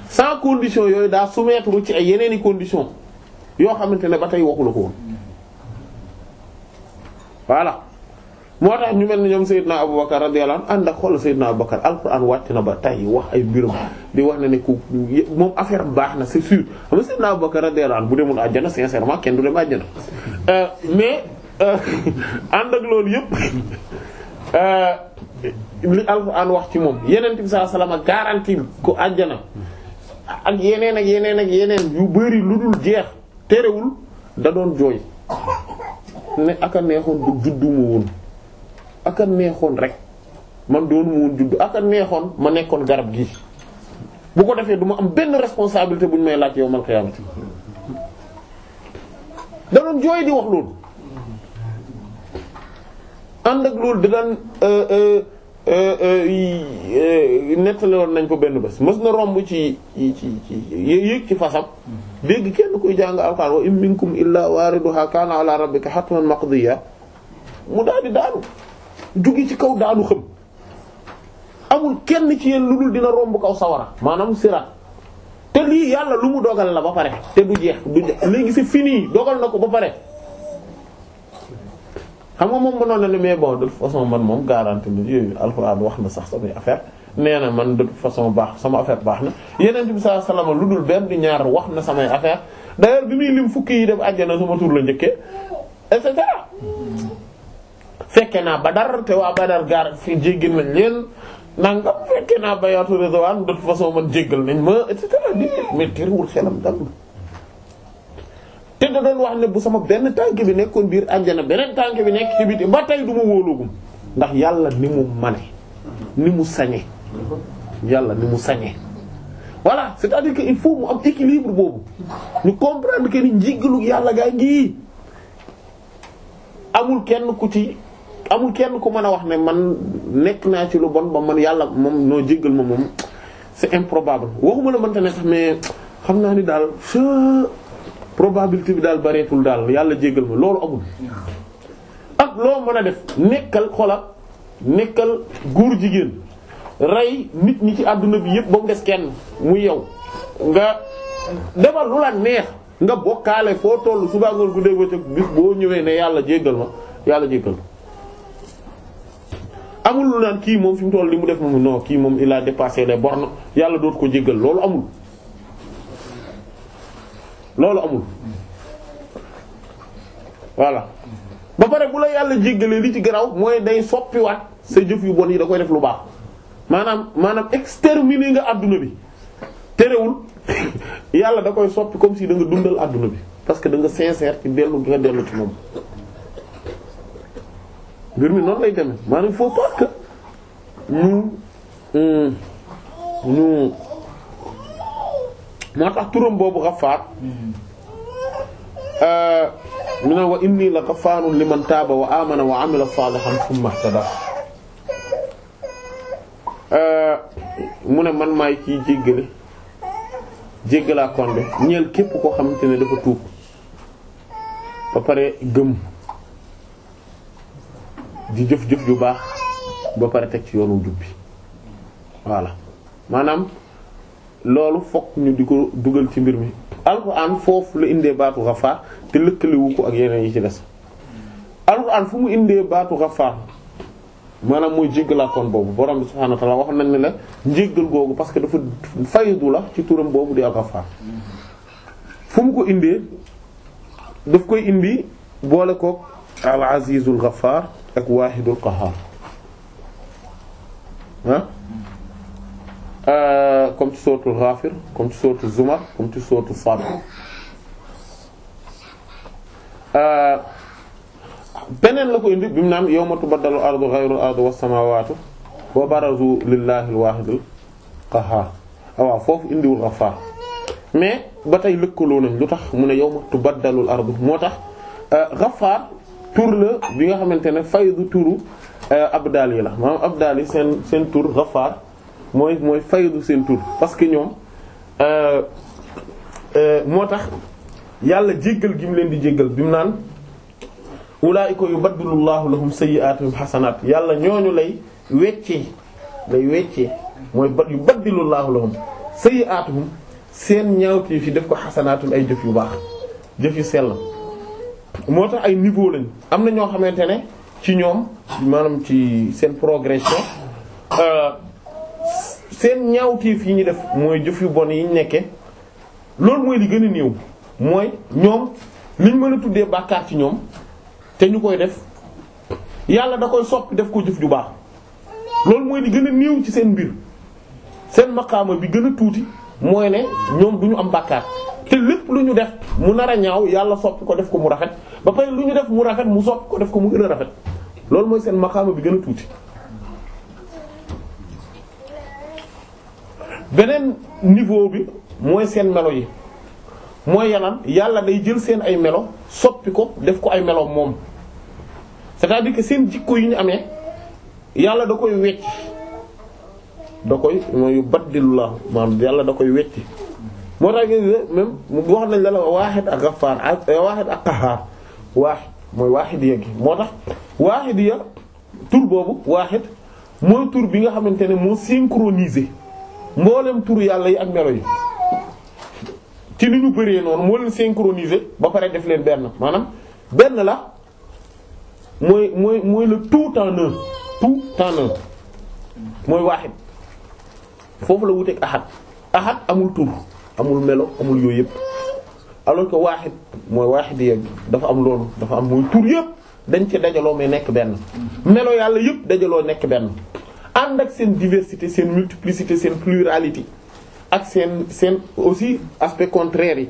sans condition yooyu daa soumettre ci ay yeneeni conditions yoo xamante ne ba tey waxula ko woon voilà moo tax ñu mel ni ñoom Seydina naa radiyallahu anhu ànd ak xool Seydina Aboubacar alxuraan wàcc na ba tay wax ay mbirum di wax ne ne ku moom affaire baax na c'est sûr xam nga Seydina Aboubacar radiyallahu anhu bu demoon àjjana sincèrement kenn du dem àjjana euh, mais euh, ànd ak yëpp euh, alxuraan wax ci moom yeneen bi sallallahu alayhi wasallam garantie ko àjjana ak yeneen ak yeneen ak yeneen yu bëri lu dul jeex terewul da doon jooy ne aka neexoon du woon ak a neexoon rek man doonu mu woon judd neexoon ma nekkoon garab gi bu ko defee du ma am benn responsabilité bu ñu may laaj yow man xiyaamati da doon jooy di wax loolu ànd ak loolu di daan euh, euh, euh, nettali woon nañ ko benn bés mës na romb ci ci ci yéeg ci fasam dégg kenn kuy jàng alxuraan wa in minkum illaa waariduhaa kaana alaa rabbika hatman maqdiyya mu daal daanu jóge ci kaw daanu xëm amul kenn ci yéen lu dul dina romb kaw sawara maanaam siraat te lii yàlla lu mu dogal na ba pare te du jeex du jeex léegi c'est fini dogal na ko ba pare xam nga moom mënoon na ne mais bon de toute façon man moom garanti na yooyu alxuraan wax na sax samay affaire nee na man de toute façon baax sama affaire baax na yeneen bi sallallahu alayhi wasallam lu dul benn di ñaar wax na samay affaire d'ailleurs bi muy lim fukki yi dem àjjana sama tur la njëkkee et cetera fekke naa Badar te waa Badar gaar fi jéggin nañ leen nangam fekke naa bayaatu Ridwaan de toute façon man jéggal nañ ma et cetera di mais terewul xelam dal te da doon wax ne bu sama benn tànk bi nekkoon biir àjjana beneen tànk bi nekk ci biti ba tey du ma wóolugum ndax yàlla ni mu mane ni mu sañe yàlla ni mu sañe voilà c'est-à-dire que il faut mu am équilibre boobu ñu comprendre que ni yàlla gaa ngi amul kenn ku ci amul kenn ku mën a wax ne man nekk naa ci lu bon ba man yàlla moom noo jéggal ma moom c'est improbable waxuma la mënta ne sax mais xam naa ni daal probabilité bi daal bareetul daal yàlla jéggal ma loolu amul ak loo mën a def nekkal xola nekkal góor jigéen rey nit ñi ci àdduna bi yëpp ba mu des kenn mu yow nga defar lu la neex nga bokkaale foo toll suba ngoon guddee bëccëg bis boo ñëwee ne yàlla jéggal ma yàlla jéggal ma amul lu naan kii moom fi mu toll li mu def moom non kii moom il a dépassé les bornes yàlla dootu ko jéggal loolu amul loolu amul voilà ba pare bu la yàlla jéggalee li ci garaw mooy day soppiwaat sa jëf yu bon yi da koy def lu baax maanaam maanaam exterminer nga àdduna bi terewul yàlla da koy soppi comme si da nga dundal àdduna bi parce que da nga sincère ci dellu nga dellu ci moom mbir mi noonu lay demee maanaam il faut pas que ñu ñu moo tax turam boobu Ghaffar mu mm-hmm. euh, ne wa inni la ghaffaarun liman taaba wa amana wa amila salihan thumma ihtada euh, mu ne man maay kii jéggale jéggalaa konde ñeel képp koo xamante ne dafa tuub ba pare gëm di jëf-jëf ju baax ba pare teg ci yoonu jub bi voilà maanaam loolu fokk ñu di ko dugal ci mbir mi alxuraan foofu la indee baatu xafaar te lëkkaliwu ko ak yeneen yi ci des alxuraan fu mu indee baatu xafaar maanaam mooy jéggalaakoon boobu borom bi subhaanahu wa ta'aala wax nañ ne la njéggal googu parce que dafa faydu la ci turam boobu di al-Ghaffar fu mu ko indee daf koy indi boole koog al-Azizul Ghaffar ak waaxidul qahaar ah euh, ci sourate Ghafir comme ci sourate Zumar comme ci sourate Sad euh, beneen la ko indi bi mu naan yawma tubaddalu ardu ghayru ardu was samawatu wa barazu lillahi al ah waaw foofu indiwul Ghaffar mais ba tey lëkkaloo nañ lu tax mu ne yawma tubaddalu ardu moo tax euh, Ghaffar tur la bi nga xamante ne faydu turu euh, abdal yi la maanaam abdal yi seen seen tur Ghaffar mooy mooy faydu seen tur parce que ñoom euh, euh, moo tax yàlla jéggal gi mu leen di jéggal bi mu naan ulaa'ika yubaddilu llaahu lahum sayyi'aatihim hasanaat yàlla ñooñu lay weccee lay weccee mooy ba yubaddilu llaahu lahum sayyi'aatihum seen ñaawteef yi def ko xasanaatul ay jëf yu baax jëf yu seen la moo tax ay niveau lañ am na ñoo xamante ne ci ñoom maanaam ci seen progression euh, seen ñaawteef yi ñu def mooy jëf yu bon yi ñu nekkee loolu mooy li gën a néew mooy ñoom liñ mën a tuddee bàkkaar ci ñoom te ñu koy def yàlla da koy soppi def ko jëf ju baax loolu mooy li gën a néew ci seen mbir seen maqaama bi gën a tuuti mooy ne ñoom du ñu am bàkkaar te lépp lu ñu def mu nar a ñaaw yàlla sopp ko def ko mu rafet ba pare lu ñu def mu rafet mu sopp ko def ko mu gën a rafet loolu mooy seen maqaama bi gën a tuuti. beneen niveau bi mooy seen melo yi mooy yalan yàlla day jël seen ay melo soppi ko def ko ay melo moom c'est-à-dire que seen jikko yi ñu amee yàlla da koy wecc da koy mooy baddilullah maanaam yàlla da koy wecci moo tax ngeen ne même wax nañ la la waaxid ak gaffaar ak euh, waaxid ak qaxaar waaxid mooy waaxidiya gi moo tax waaxidiya tur boobu waaxit mooy tur bi nga xamante ne moo synchronisé mboolem tur yàlla yi ak melo yi ci ni ñu bëree noonu moo leen synchronisé ba pare def leen benn maanaam benn la mooy mooy mooy le tout en un tout mooy waaxid foofu la wuteeg ahad ahad amul tur. amul melo amul yooyu yëpp alors que waaxid mooy waaxid yeeg dafa am loolu dafa am mooy tur yëpp dañ ci dajaloo may nekk benn melo yàlla yëpp dajaloo nekk benn ànd ak seen diversité seen multiplicité seen pluralité ak seen seen aussi aspect contraire yi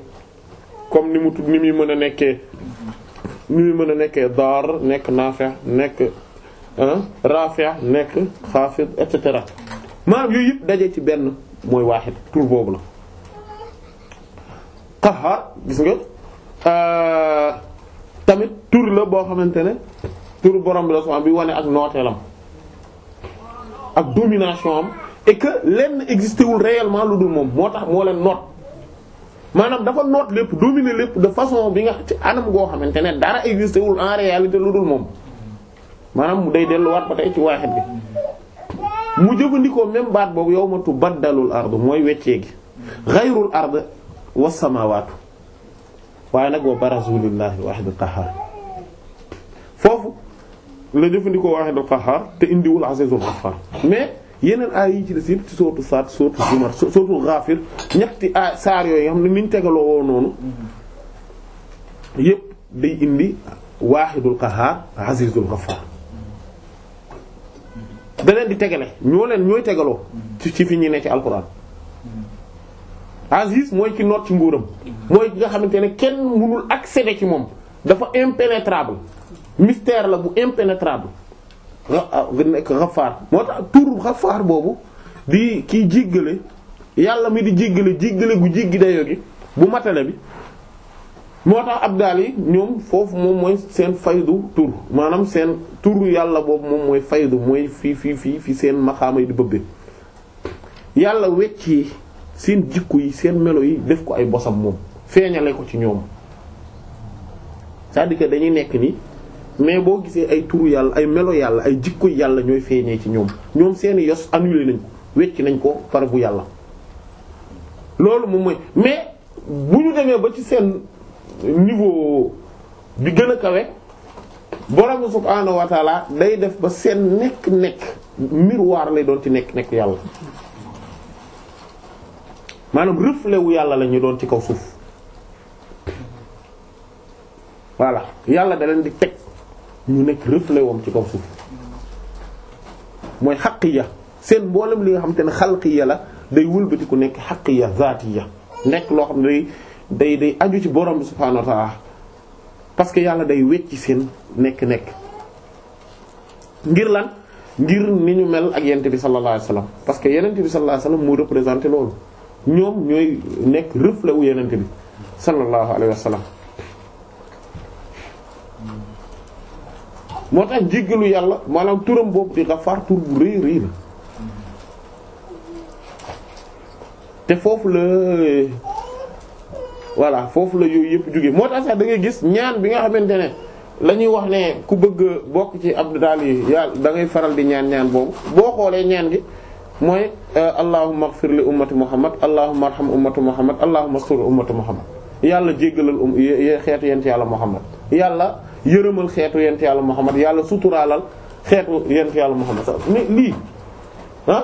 comme ni mu tudd ni muy mën a nekkee ni muy mën a nekkee dar nekk naafi nekk rafi nekk xaafid et cetera maanaam yooyu yëpp daje ci benn mooy waaxid tur boobu la qahaar gis nga euh, tamit tur la boo xamante ne tur borom bi la souvent bi wane ak nooteelam ak domination am et que lenn existé wul réellement lu dul moom moo tax moo leen noot maanaam dafa noot lépp dominer lépp de façon bi nga ci anam goo xamante ne dara existé wul en réalité lu dul moom maanaam mu day delluwaat ba tey ci waaxit bi mu jëfandikoo même baat boobu yow ma tubaddalul ardu mooy weccee gi xayrul ardu wasamaawaatu waaye nag wa barazu lillahi wahidul qahhar foofu la jëfandikoo wahidul qahhar te indiwul azizul ghaffar mais yeneen aay yi ci des yëpp ci sootu saat sootu zumar sootu ghafir ñetti aay saar yooyu nga xam ne niñ tegaloo woo noonu yëpp day indi wahidul qahhar azizul ghaffar da di tegale ñoo leen ñooy tegaloo ci ci fi ñuy ne ci alquran aziz mooy ci noot ci nguuram mooy ki nga xamante ne kenn mënul accéder ci moom dafa impénétrable mystère la bu impénétrable ah, nga nekk xafaar moo tax tur xafaar boobu di kiy jéggale yàlla mi di jéggale jéggale gu jéggi dayoo gi bu matale bi moo tax abdal yi ñoom foofu moom mooy seen faydu tur maanaam seen tur yàlla boobu moom mooy faydu mooy fii fii fii fi seen maxaama yi di bëbbe yàlla wecc seen jikko yi seen melo yi def ko ay bosam moom feeñale ko ci ñoom cest à dañuy nekk ni mais boo gisee ay turu yàlla ay melo yàlla ay jikko yàlla ñooy feeñee ci ñoom ñoom seeni yos annulé nañ ko wecci nañ ko par bu yàlla loolu moom mooy mais bu ñu demee ba ci seen niveau bi gën a kawe borom subhaanahu wa taala day def ba seen nekk-nekk miroir lay doon ci nekk-nekk yàlla maanaam reflet wu yàlla la ñu doon ci kaw suuf voilà yàlla da leen di teg ñu nekk reflet wam ci kaw suuf mooy xaqiya seen mboolem li nga xam te ne xalqiya la day wëlbati ku nekk xaqiya zaatiya nekk loo xam ne day day day aju ci borom bi subhaanahu wa ta'ala parce que yàlla day wecci seen nekk-nekk ngir lan ngir ni ñu mel ak yent bi sallallahu alayhi wasallam que yenent bi sallallahu alayhi wasallam mu représenté loolu ñoom ñooy nekk reflet wu bi sallallahu alayhi wa moo tax jéggalu yàlla maanaam turam boobu di Gafaar tur bu rëy rëy la te foofu la voilà foofu la yooyu yëpp jóge moo tax sax da ngay gis ñaan bi nga xamante ne la ñuy wax ne ku bëgg bokk ci abdu daal yi yàlla da faral di ñaan ñaan boobu boo xoolee ñaan gi mooy euh, allahumma ighfir li ummati muhammad allahumma arham ummati muhammad allahumma sur ummati muhammad yàlla jéggalal um xeetu yent yàlla muhammad yàlla yërëmal xeetu yent yàlla muhammad yàlla suturaalal xeetu yent yàlla muhammad mais lii ah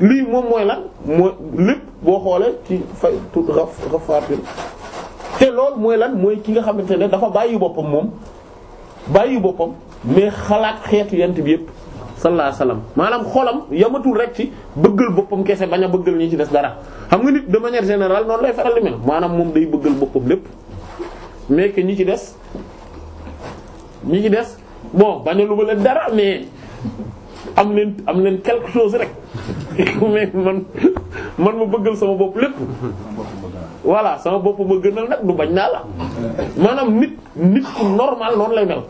lii moom mooy lan mooy lépp boo xoolee ci fay tu xafaatin te lool mooy lan mooy ki nga xamante ne dafa bàyyi boppam moom bàyyi boppam mais xalaat xeetu yent bi yépp sallallahu alayhi wasallam maanaam xolam yamatul rek ci bëggal boppam kese bañ a bëggal ñi ci des dara xam nga nit de manière générale noonu lay faral di mel maanaam moom day bëggal boppam lépp mais que ñi ci des ñi ci des bon bañ a lu leen dara mais am leen am leen quelque rek mais man man sama bopp lépp sama bopp ma gënal nag du bañ naa la maanaam nit nit ku normal noonu lay mel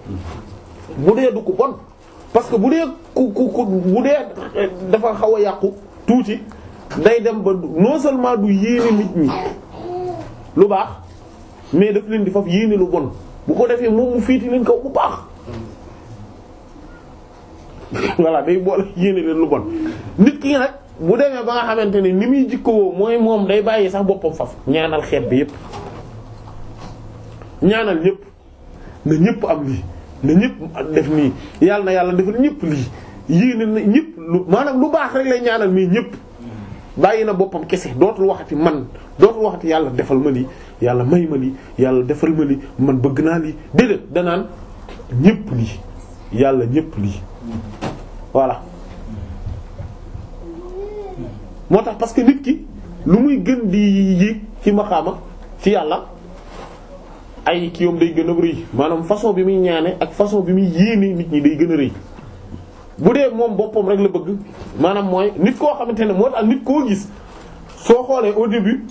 bu dee du bon parce que bu dee ku bu dee dafa xaw a yàqu tuuti day dem ba non seulement du yéene nit mi lu baax mais daf leen di faf yéene lu bon bu ko defee moom mu fiiti leen kaw bu baax voilà day boole yéene leen lu bon nit ki nag bu demee ba nga xamante ne ni muy jikkoo mooy moom day bàyyi sax boppam faf ñaanal xeet bi yépp ñaanal ñépp na ñépp am lii na ñëpp def nii yàlla na yàlla defal ñëpp lii yéene na ñëpp lu maanaam lu baax rek lay ñaanal mais ñëpp bàyyi na boppam kese dootul waxati man dootul waxati yàlla defal ma lii yàlla may ma lii yàlla defal ma lii man bëgg naa lii déedéet danaan ñëpp lii yàlla ñëpp lii voilà moo tax parce que nit ki lu muy gën di yéeg ci maxaama ci yàlla ay ki yom day gën a rëy maanaam façon bi muy ñaane ak façon bi muy yéene nit ñi day gën a rëy bu dee moom boppam rek la bëgg maanaam mooy nit koo xamante ne moo tax nit koo gis soo xoolee au début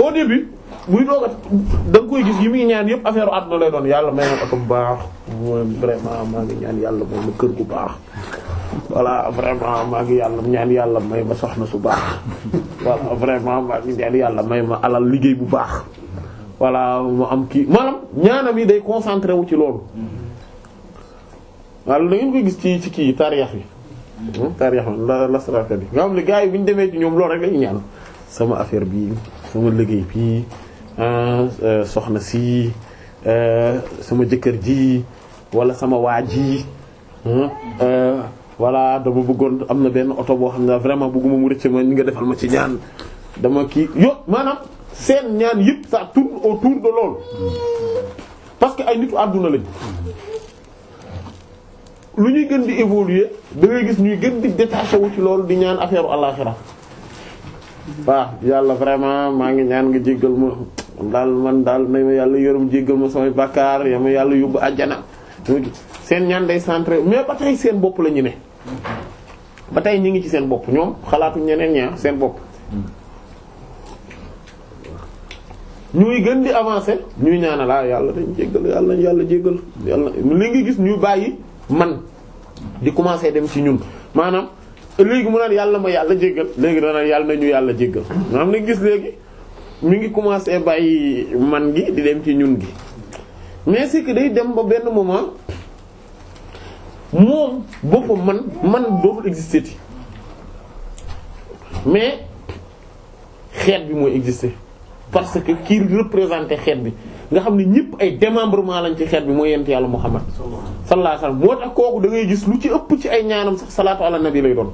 au début muy doog a da nga koy gis yi muy ñaan yëpp affaire àdduna lay doon yàlla may na oto bu baax vraiment maa ngi ñaan yàlla may ma kër gu baax voilà vraiment maa ngi yàlla ñaan yàlla may ma soxna su baax voilà vraiment maa ngi ñaan yàlla may ma alal liggéey bu baax voilà mu am kii maanaam ñaanam yi day concentré wu ci loolu waaw da ngeen ko gis ci kii taarix bi hmm, taarix bi la la bi nga xam ne gaa yi bi ñu demee ci ñoom loolu rek lañu ñaan sama affaire bi sama liggéey bi ah, euh, soxna si euh, sama jëkkër ji wala sama waa ji hmm, euh, voilà dama bëggoon am na benn oto boo xam ne vraiment bëgguma mu rëcc ma ñu nga defal ma ci ñaan dama kii yo maanaam seen ñaan yëpp ça tourne autour de loolu parce que ay nitu àdduna lañ lu ñuy gën di évoluer da ngay gis ñuy gën di détaché ci loolu di ñaan affaire àllaxira waaw yàlla vraiment maa ngi ñaan nga jéggal ma daal man daal na ma yàlla yërëm jéggal ma samay bakkaar ya yàlla yóbbu àjjana seen ñaan day centré mais ba tey seen bopp la ñu ne ba tey ñu ngi ci seen bopp ñoom xalaatu ñeneen ñaa ah, seen bopp ñuy gën di avancer ñuy ñaanal ah yàlla dañ jéggal yàlla yàlla jéggal yàlla li nga gis ñu bàyyi man di commencer dem ci ñun maanaam léegi mu naan yàlla ma yàlla jéggal léegi dana yàlla na ñu yàlla jéggal maanaam na gis léegi mi ngi commencer bàyyi man gi di dem ci ñun gi mais c'est que day dem ba benn moment moom boppam man man dootul exister ti mais xeet bi mooy existe parce que kii représenté xeet bi nga xam ne ñëpp ay démembrement lañ ci xeet bi mooy yent yàlla Muhammad sallallahu alayhi wasallam moo tax kooku da ngay gis lu ci ëpp ci ay ñaanam sax salaatu ala nabi lay doon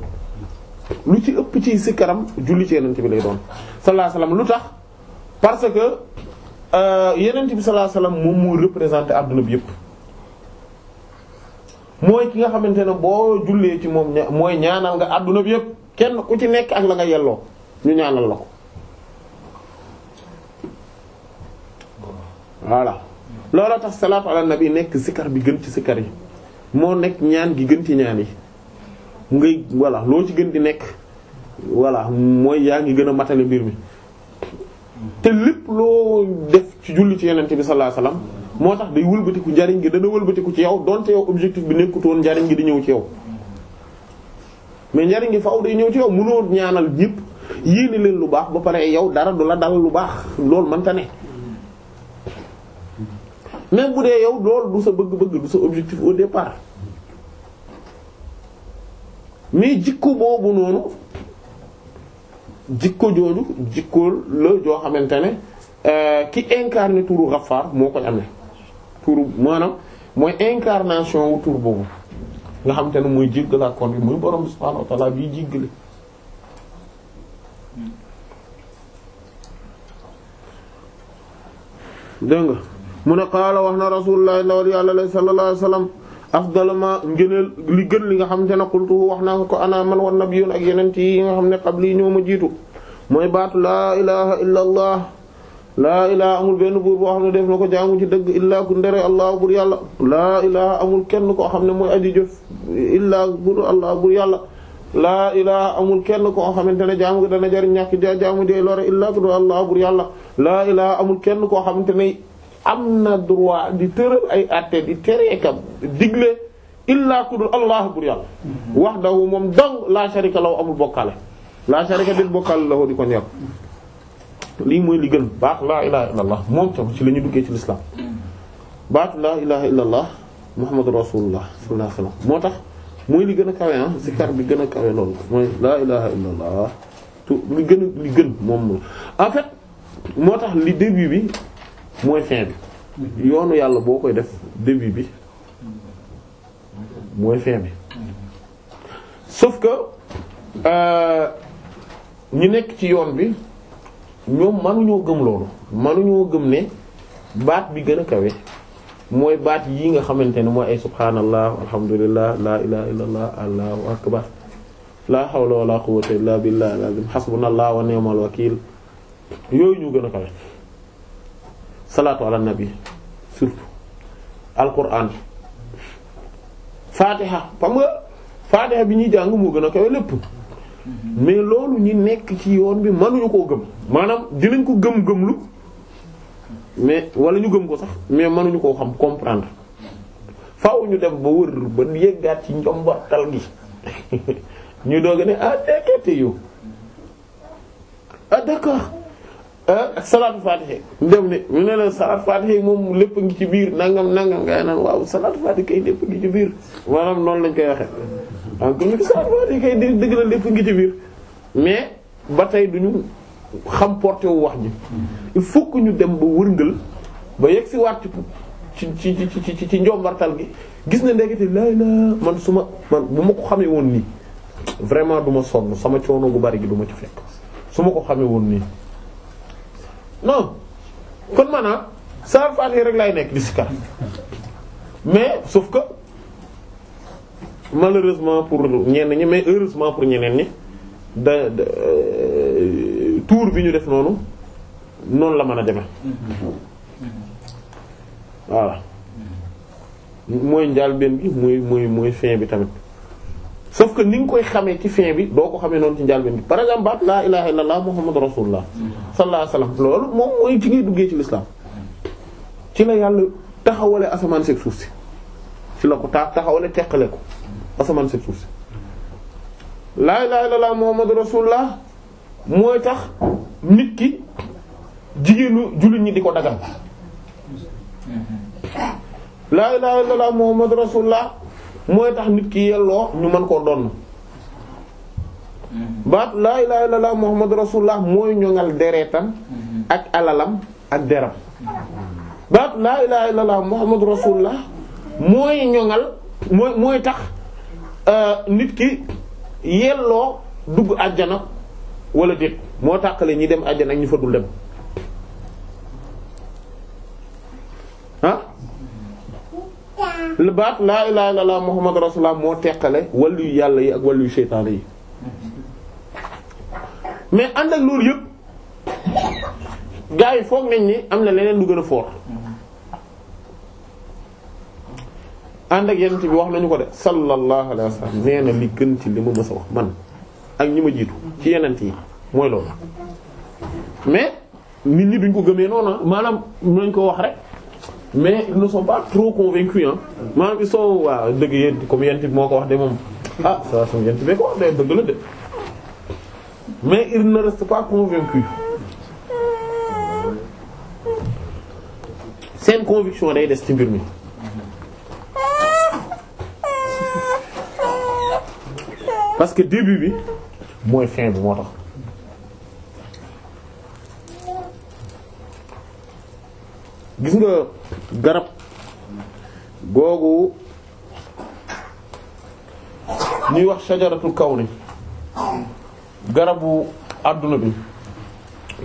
lu ci ëpp ci sikkaram julli ci yenent bi lay doon sallallahu alayhi wasallam lu tax parce que euh, yenent bi sallallahu alayhi wasallam moom moo représenté adduna bi yëpp mooy ki nga xamante ne boo jullee ci moom mooy ñaanal nga adduna bi yëpp kenn ku ci nekk ak la nga yelloo ñu ñaanal la ko voilà looloo tax salaatu ala nabi nekk sikar bi gën ci sikar yi moo nekk ñaan gi gën ci ñaan yi ngay voilà loo ci gën di nekk voilà mooy yaa ngi gën a matale mbir mi te lépp loo def ci julli ci yenente bi sallallahu alayhi moo tax day wëlbatiku njariñ gi dana wëlbatiku ci yow donte yow objectif bi nekkutoon njariñ gi di ñëw ci yow mais njariñ gi faaw day ñëw ci yow mënoo ñaanal ñépp yéene leen lu baax ba pare yow dara du la dal lu baax loolu mënta ne même bu dee yow loolu du sa bëgg-bëgg du sa objectif au départ mais jikko boobu noonu jikko jooju jikkool la joo xamante ne euh, ki incarne turu Ghaffar moo koy amee turu maanaam mooy incarnation wu tur boobu nga xamante ne mooy jéggalaakoon bi muy borom subhaanahu wa bi jéggale dégg nga mu ne qaala wax na rasulullah ndawal yàlla la sallallahu alayhi wasallam li gën li nga xam te ne wax naa ko ana man wan ak yeneen yi nga xam ne qabli ñoo ma jiitu mooy baatu illa allah amul benn buur boo xam ne def na ko jaamu ci dëgg illaa ku ndere allah bur yàlla laa amul kenn koo xam ne mooy aji jëf illaa yàlla laa amul kenn koo xamante ne jaamu dana jariñ ñàkk jaa jaamu dee lore illaa ku allah bur yàlla laa ilaha amul kenn koo xamante ne am na droit di tëral ay atte di tereekam digle illaa ku dul allah bur yàlla wahdahu moom dong la sharika law amul bokkaale la sharika del bokkaale la di ko ñeel lii mooy li gën baatu laa ilaha illa allah moom tam ci la ñu duggee ci lislaam baatu laa ilaha illa allah muhammadu rasulullah sallallahu alayhi wasallam moo tax mooy li gën a kawe ah zikar bi gën a kawe loolu mooy laa ilaha illa allah tu li gën a li gën moom en fait moo tax li début bi mooy fin yoonu yàlla boo koy def début bi mooy fin bi sauf que euh, ñu nekk ci yoon bi ñoom mënuñoo gëm loolu mënuñoo gëm ne baat bi gën a kawe mooy baat yi nga xamante ne mooy ay subhaanallah alhamdulillah la ilaha illallah allahu akbar la hawla wala quwwata illa billah alazim na wa ni'mal wakil yooyu ñu gën a kawe salaatu ala nabi surtout alquran fatiha xam nga fatiha bi ñuy jàng moo gën a kawe lépp mais loolu ñu nekk ci yoon bi mënuñu koo gëm maanaam dinañ ko gëm gëmlu mais wala ñu gëm ko sax mais mënuñu koo xam comprendre faaw ñu dem ba wër ba yëggaat ci njombatal gi ñu doo ne ah dékkete eh, yow ah d'accord ak salaatu faatiha dem ne ñu ne la salaatu faatiha moom lépp ngi ci biir nangam nangam ngay naan waaw salaatu faatiha kay ci biir maanaam noonu lañ koy waxee donc ñu kay lépp ngi ci biir mais ba tey duñu xam porté wu wax ji il faut que ñu dem ba wërngal ba yegg si waat ci ci ci ci ci njombartal gi gis na ndekete laay laa man su ma man bu ma ko xamee woon nii vraiment du ma sonn sama coono gu bari gi du ma ci fekk su ma ko xamee woon nii. non kon maanaam saar rek lay nekk di sikar mais sauf que malheureusement pour ñenn ñi mais heureusement pour ñeneen ñi da euh, tour bi ñu def noonu noonu la mën a demee waaw mooy njaal benn bi mooy mooy mooy fin bi tamit sauf que ni nga koy xamee ci fin bi doo ko xamee noonu ci njàlbeen bi par exemple baat laa ilaha illallah muhammadu rasulullah sallallahu alayhi wasallam loolu moom mooy ci ngay duggee ci l'islam ci la yàlla taxawale asamaan seeg suuf si ci la ko taa taxawale teqale ko asamaan seeg suuf si laa ilaha illallah muhammadu rasulullah mooy tax nit ki jigéenu jullit ñi di ko dagal laa ilaha illallah muhammadu rasulullah mooy tax nit ki yelloo ñu mën koo donn baat laa ilaaha illallaah muhammadu rasulullah mooy ñoŋal deretam mm-hmm. ak alalam ak deram baat laa ilaaha illallaah muhammadu rasulullah mooy ñoŋal mooy mooy tax euh, nit ki yelloo dugg àjjana wala déet moo tàqale ñi dem àjjana ñu fa dul dem lu baat laa ilaaha illallaah muhammad rasulullah moo teqale wàllu yu yàlla yi ak wàllu yu seytaane yi mais ànd ak loolu yëpp gars yi foog nañ ni am na leneen lu gën a fort ànd ak yenn ci bi wax nañu ko de sallallahu alayhi wa sallam na li gën ci li ma mës wax man ak ñi ma jiitu ci yeneen yi mooy loolu mais nit ñi duñ ko gëmee noonu maanaam nañ ko wax rek. mais ils ne sont pas trop convaincus ah maanaam ils sont waaw dëgg yéen comme yent bi moo ko wax de moom ah ça sama yent bi ko wax de dëgg la de mais ils ne restent pas convaincus seen conviction day des ci mbir mi parce que début bi mooy fin bi moo tax gis nga garab googu ñuy wax kaw kawni garabu àdduna bi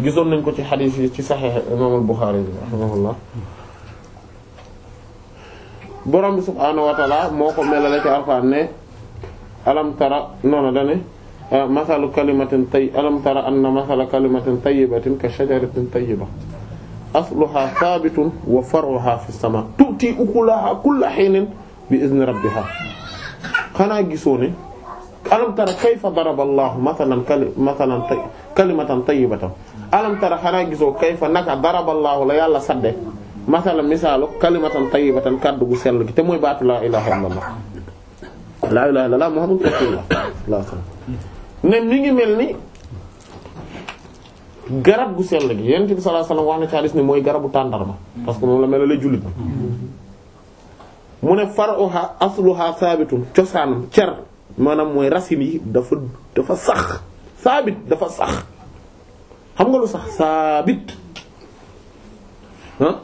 gisoon nañ ko ci xadiis yi ci saxiix imaamul Buxaari bi rahimahullah borom bi subhaanahu wa taala moo ko melale ci Alxuraan ne alam tara noona dane masalu kalimatin tay alam tara anna masala kalimatin shajaratin tayyiba asluha thabitun wa faruha fi xanaa gisoo ne alam tara kayfa daraba allahu mathalan mathalan kalimatan tayyibatan alam tara xanaa gisoo kayfa naka daraba la yàlla sadde mathalan misaalu kalimatan tayyibatan kaddu gu sell gi te mooy baatu laa ilaha illallah laa ilaha illallah muhammadur mel ni garab gu sell gi yonent bi sallallahu alayhi wasallam wax na ci ne mooy garabu tàndarma parce que moom la mel la jullit mu ne faruha asluha saabitun cosaanam cer maanaam mooy racine dafa dafa sax saabit dafa sax xam nga lu sax saabit ah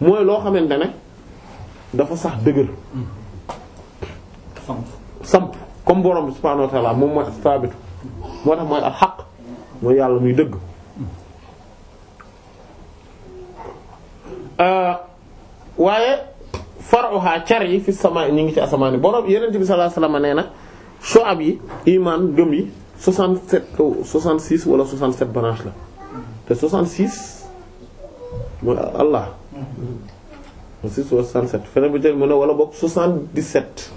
mooy loo xamante ne dafa sax dëgër samp samp comme borom bi subhanahu wa ta'ala moom mooy sabitu moo tax mooy al mooy yàlla muy dëgg euh, waaye faruha car yi fi sama ñi ngi ci asamaan yi borom yeneen bi sallallahu alayhi wasallam nee na shu'ab yi iman gëm yi 67 66 euh, wala 67 branche la te 66 mooy Allah 66 mm-hmm. wala 67 feneen bu jël mu ne wala bokk 77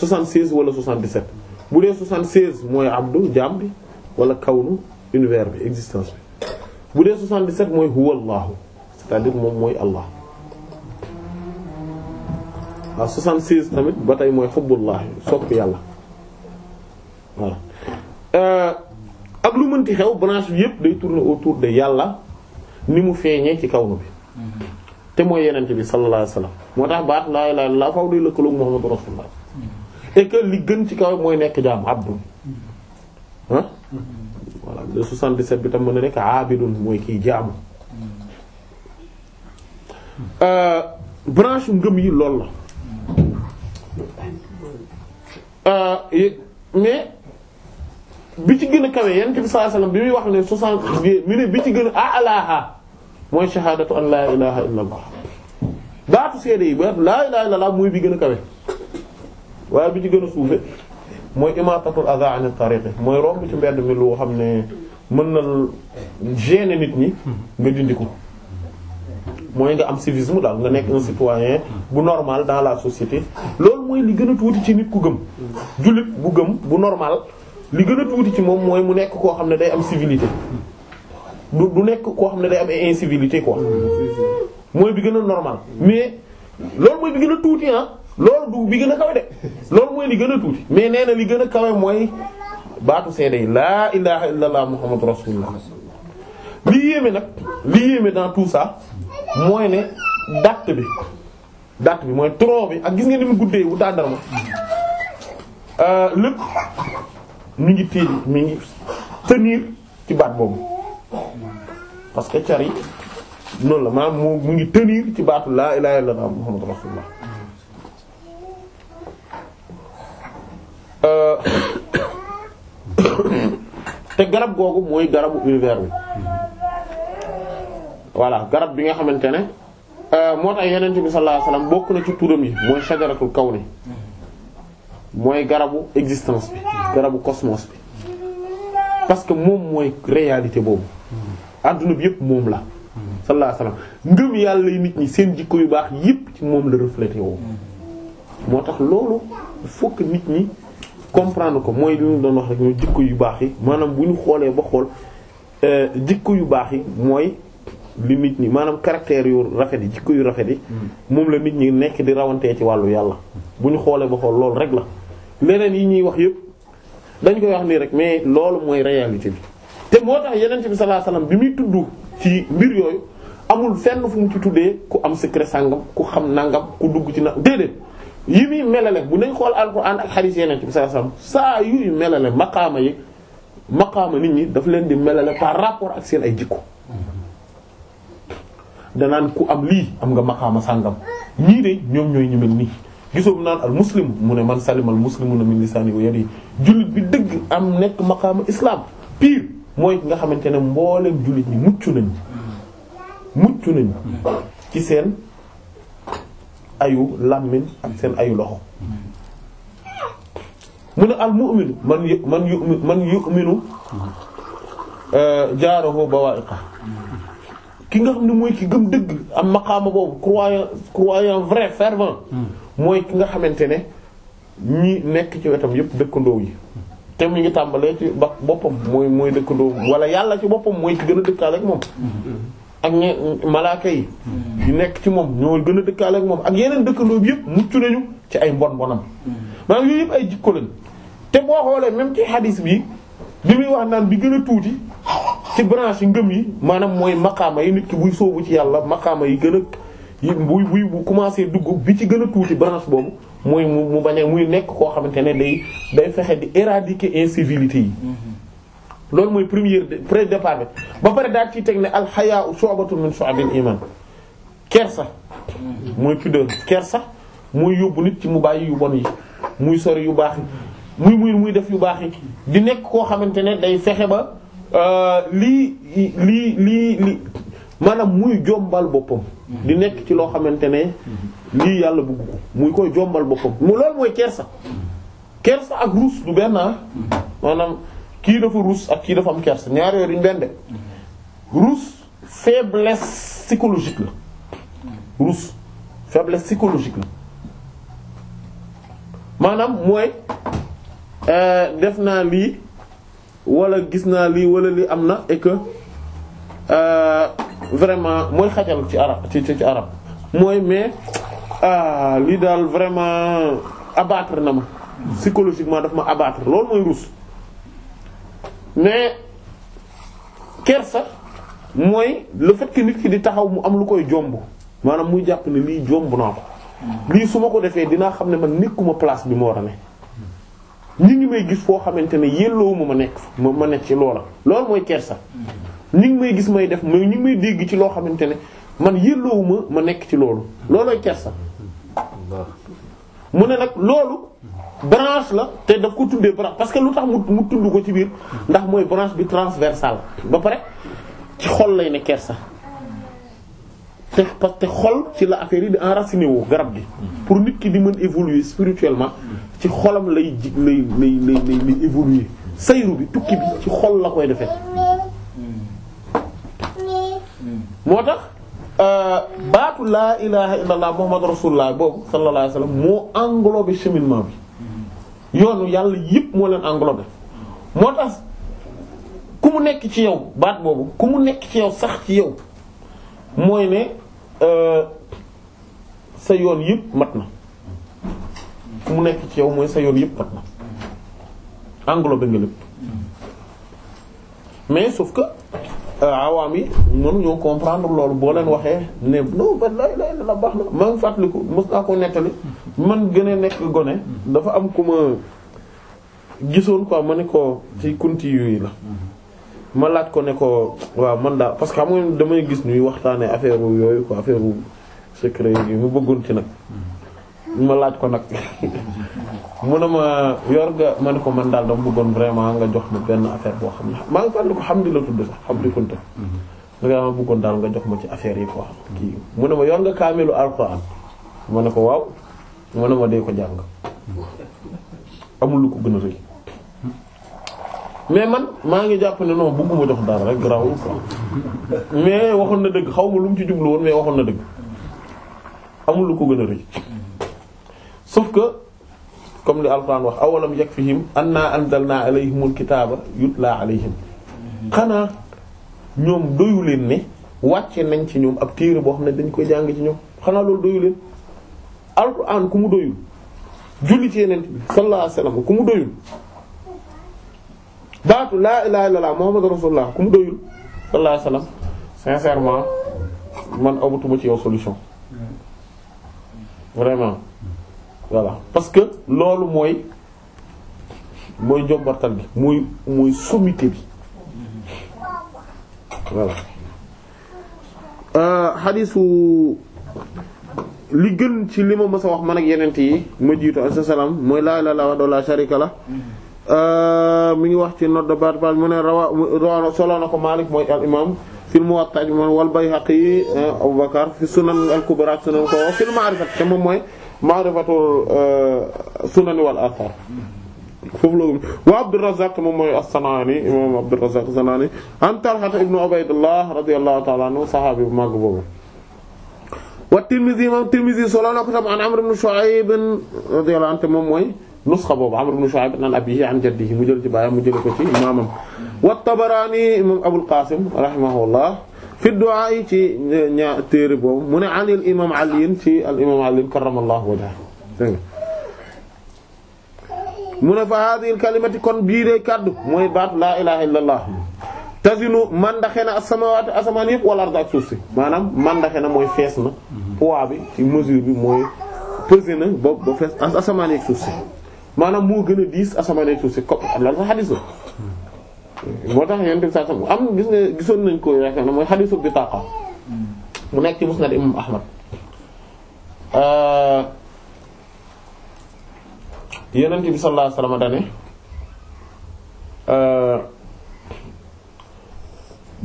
76 wala 77 bu dee 76 mooy abdu jaam bi wala kawnu univers bi existence bi bu dee 77 mooy huwallahu c'est-à-dire moom mooy Allah waaw 76 tamit ba tey mooy xubbullahi sopp yàlla euh, ak lu mënti xew branche bi yépp day tourner autour de yàlla ni mu feeñee ci kaw nu bi te mooy yenente bi sallallahu alayhi wasallam moo tax baat laa ilaaha illallaah faw day lëkkaloog Muhammadu rasulullah et que li gën ci kaw mooy nekk jaam abdu voilà le 77 bi tam mën na nekk abidun mooy kiy jaamu. Euh, branche ngëm yi lool la. Euh, mais bi ci gën a kawe yonent bi sallallahu alayhi wasallam bi muy wax ne 60 mi ne bi ci gën a alaaha mooy shahaadatu an laa ilaaha illallah baatu seede yi ba laa ilaaha illallah mooy bi gën a kawe waaye bi ci gën a suufe mooy imaatatul aza anil tariqi mooy romb ci mbedd mi lu xam ne mën na gêner nit ñi nga dindi ko mooy nga am civisme daal nga nekk un bu normal dans la société loolu mooy li gën a tuuti ci nit ku gëm jullit bu gëm bu normal li gën a tuuti ci moom mooy mu nekk koo xam ne day am civilité du du nekk koo xam ne day am incivilité quoi mm. mooy bi gën a normal mais loolu mooy bi gën a tuuti ah loolu du bi gën a kawe de loolu mooy li gën a tuuti mais nee na li gën a kawe mooy baatu seede yi laa ilaha illallah muhammadu rasulullah li yéeme nag li yéeme dans tout sax mooy ne date bi date bi mooy tronc bi ak gis nga ni mu guddee wu tàndarma euh, lépp mi ngi téye mi ngi tenir ci baat boobu parce que car yi noonu la maanaam mu ngi tenir ci baatu laa ilaha illallah muhammadu rasulullah te garab googu mooy garabu univers bi voilà garab bi nga xamante ne euh, moo tax yenente bi sallallahu alayhi bokk na ci turam yi mooy kaw ni mooy garabu existence bi garabu cosmos bi parce que moom mooy réalité boobu adduna bi yëpp moom la salaa alayhi wasallam ngëm yàlla yi nit ñi seen jikko yu baax yëpp ci moom la reflété moo tax loolu fokk nit ñi comprendre ko mooy lu ñu doon wax rek mooy jikko yu baax yi maanaam bu ñu xoolee ba xool euh, jikko yu baax yi mooy li nit ñi maanaam caractère yu rafet yi jikko yu rafet yi mm. moom la nit ñi nekk di rawantee ci wàllu yàlla bu ñu xoolee ba xool loolu rek la leneen yi ñuy wax yépp dañ koy wax nii rek mais loolu mooy réalité bi te moo tax yeneen bi sallallahu alayhi bi muy tudd ci mbir yooyu amul fenn fu mu ci tuddee ku am secret sàngam ku xam nangam ku dugg ci na déedéet yi muy melale bu nañ xool alxuraan ak xadiis yeneen ci bi saa sam saa yuy melale maqaama yi maqaama nit ñi daf leen di melale par rapport ak seen ay jikko danaan ku am lii am nga maqaama sàngam ñii de ñoom ñooy ñu mel nii gisoobu naan al muslim mu ne man salim al muslimu na min lisaani wa yadihi jullit bi dëgg am nekk maqaama islam pire mooy nga xamante ne mboolem jullit ñi mucc nañ mucc nañ ci seen ayu làmmiñ ak seen ayu loxo mu ne al mu'minu man yu man yu man yu'minu euh, jaarahu bawa'iqa ki nga xam ne mooy ki gëm dëgg am maqaama boobu croyant croyant vrai fervent mooy ki nga xamante ne ñi nekk ci wetam yépp dëkkandoo yi te mu ngi tàmbalee ci ba boppam mooy mooy dëkkandoo wala yàlla ci boppam mooy ci gën a dëkkaale ak moom ak ña malaaka yi yi nekk ci moom ñoo gën a dëkkaale ak moom ak yeneen dëkkandoo bi yëpp mucc nañu ci ay mbon mbonam maanaam yooyu yëpp ay jikko lañ te boo xoolee même ci hadis bi bi muy wax naan bi gën a tuuti ci branche yi ngëm yi maanaam mooy maqaama yi nit ki buy sóobu ci yàlla maqaama yi gën a yi buy buy bu commencé dugg bi ci gën a tuuti branche boobu mooy mu mu bañ muy nekk koo xamante ne day day fexe di éradiquer incivilité yi loolu mooy première pré de bi ba pare daal ciy teg ne alxayaa shu'batun min shu'abil iman kersa mooy pudeur kersa mooy yóbbu nit ci mu bàyyi yu bon yi muy sori yu baax yi muy def yu baax yi di nekk koo xamante ne day fexe ba euh, lii lii lii lii maanaam muy jombal boppam di nekk ci loo xamante ne lii yàlla bëgg ko muy koy jombal boppam mu loolu mooy kersa kersa ak ruus du benn ah. maanaam kii dafa ruus ak kii dafa am kersa ñaar yooyu ñu benn de ruus faiblesse psychologique la maanaam mooy euh, def naa lii wala gis naa lii wala li am na et que euh, vraiment mooy xajal ci arab ci ci mooy mais ah lii daal vraiment abattre na ma psychologiquement daf ma abattre loolu mooy ruus mais kersa mooy lu fait que nit ki di taxaw mu am lu koy jomb maanaam muy jàpp ne lii jomb naa ko lii su ma ko defee dinaa xam ne man nekkuma place bi ma war a ne ñi ngi may gis foo xamante ne yelloowuma ma nekk ma ma nekk ci loola loolu mooy kersa ñi ngi may gis may def mais ñi ngi may ci loo xamante ne man yelloowuma ma nekk ci loolu loolooy kersa mu ne nag loolu branche la te daf ko tuddee branche parce que lu tax mu tudd ko ci biir ndax mooy branche bi transversale ba pare ci xol lay ne kersa te parce que xol ci la affaire yi di enraciné wu garab gi pour nit ki di mën évoluer spirituellement ci xolam lay ji lay lay lay lay évoluer sayru bi tukki bi ci xol la koy defee moo tax euh, baatu laa ilaha illallah muhammad rasulullah boobu sallallahu alayhi wasallam moo englobé cheminement bi yoonu yàlla yëpp moo leen englobé moo tax ku mu nekk ci yow baat boobu ku mu nekk ci yow sax ci yow mooy ne euh, sa yoon yëpp mat na ku mu nekk ci yow mooy sa yoon yëpp mat na englobé nga lépp mais sauf que euh, awaam yi mënuñoo comprendre loolu boo leen waxee ne non ba lay lay la baax na maa fàttaliku mos naa ko nettali man gën a nekk gone mm-hmm. dafa am ku ma gisoon quoi ma ne ko mm-hmm. ci kunti yooyu la mm-hmm. ma laaj ko ne ko waaw man daal parce que xam nga damay gis nuy waxtaane affaire yooyu quoi affaire secret yi mu bëggoon ci nag ma laaj ko nag mu ma yor ma ne ko man daal dama bëggoon vraiment nga jox benn affaire boo xam ne maa ngi fàttali ko xam di la tudd sax xam di kunta dama bëggoon daal nga jox ma ci affaire yi quoi kii mu ne ma yor nga kaamilu alxuraan ma ne ko waaw mu ne ma dee ko jàng amul lu ko gën a rëy mais man maa ngi jàpp ne non bëgguma jox dara rek garaawul mais waxoon na dëgg xaw ma lu mu ci jublu woon mais waxoon na dëgg amul lu ko gën a rëy sauf que comme li alxuraan wax awalam yakfihim anna anzalna alayhimul kitaaba yutla alayhim xanaa ñoom doyu leen ne wàcce nañ ci ñoom ab téere boo xam ne dañ koy jàng ci ñoom xanaa loolu doyu leen alquran ku mu doyul julli ci yeneen bi sallallahu alayhi wasallam ku mu doyul baatu laa ilaha illallah muhammadu rasulullah ku mu doyul sallallahu alayhi wasallam man awutuma ci yow solution vraiment voilà parce que loolu mooy mooy njombartal bi muy muy sommité bi voilà xadiisu euh, li gën ci li ma mës wax man ak yenent yi ma jiitu salaam mooy laa ilaaha illallaah wahdahu laa shariika lahu euh, mi ngi wax ci nodd baat baat mu ne rawa solo na ko Maalik mooy al imaam fil Muwatta bi moom euh, fi sunan al kubra sunan ko fil ma'rifat te moom mooy ma'rifatul euh, sunan wal athar foofu la wa Abdurrazzaq moom mooy as-San'aani imaam Abdurrazzaq as-San'aani an Talha ibn Ubaydullah radiyallahu ta'ala anhu sahaabi mag boobu wa Tirmidhi moom Tirmidhi solo na ko tam an Amr ibn Shu'ayb radiyallahu anhu moom mooy nusxa boobu Amr ibn Shu'ayb an abiihi an jaddihi mu jël ci baayam mu jël ko ci maamam wa Tabarani moom Abul Qasim rahimahullah fi du'a yi ci ñaar téere boobu mu ne an al imam Ali ci al imam Ali karramallahu wajhahu mu ne fa hadhihi al kalimati kon bii de kaddu mooy baat laa ilaaha illallah tasinu mandaxe na as-samawati asamaan yëpp wala arda ak suuf si maanaam màndaxe na mooy fees na mhm. poids bi ci mesure bi mooy pesé na ba ba fees asamaan ak suuf si maanaam moo gën a diis asamaan ak suuf si comme loolu tax yonent am gis nga gisoon nañ ko yaakaar na mooy xadisu bitaqa mm. mu nekk ci musnad imam ahmad yonent bi sallallahu alayhi wasallam dane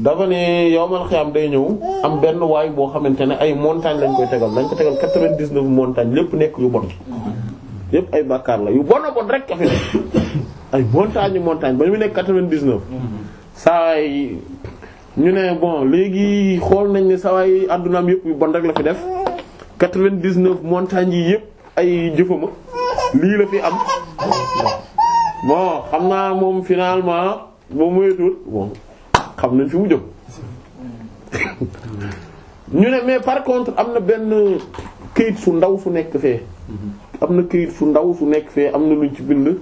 dafa ne yowmal xiyaam day ñëw am benn waay boo xamante ne ay montagne lañ koy tegal dañ ko tegal quatre-vingt-dix-neuf montagne lépp nekk yu bon yépp ay bàkkaar la yu bon a bon rek ka fi ay montagne montagne ba ñu nekk quatre vingt ne bon léegi xool nañ ne saa yi àddunaam yépp yu bon rek la fi def quatre-vingt-dix-neuf yi yépp ay jëfama lii la fi am bon xam naa moom finalement ba moytuwul bon xam nañ fi mu jëm ñu ne mais par contre am na benn këyit su ndaw su nekk fee am na këyit su ndaw su nekk fee am na luñ ci bind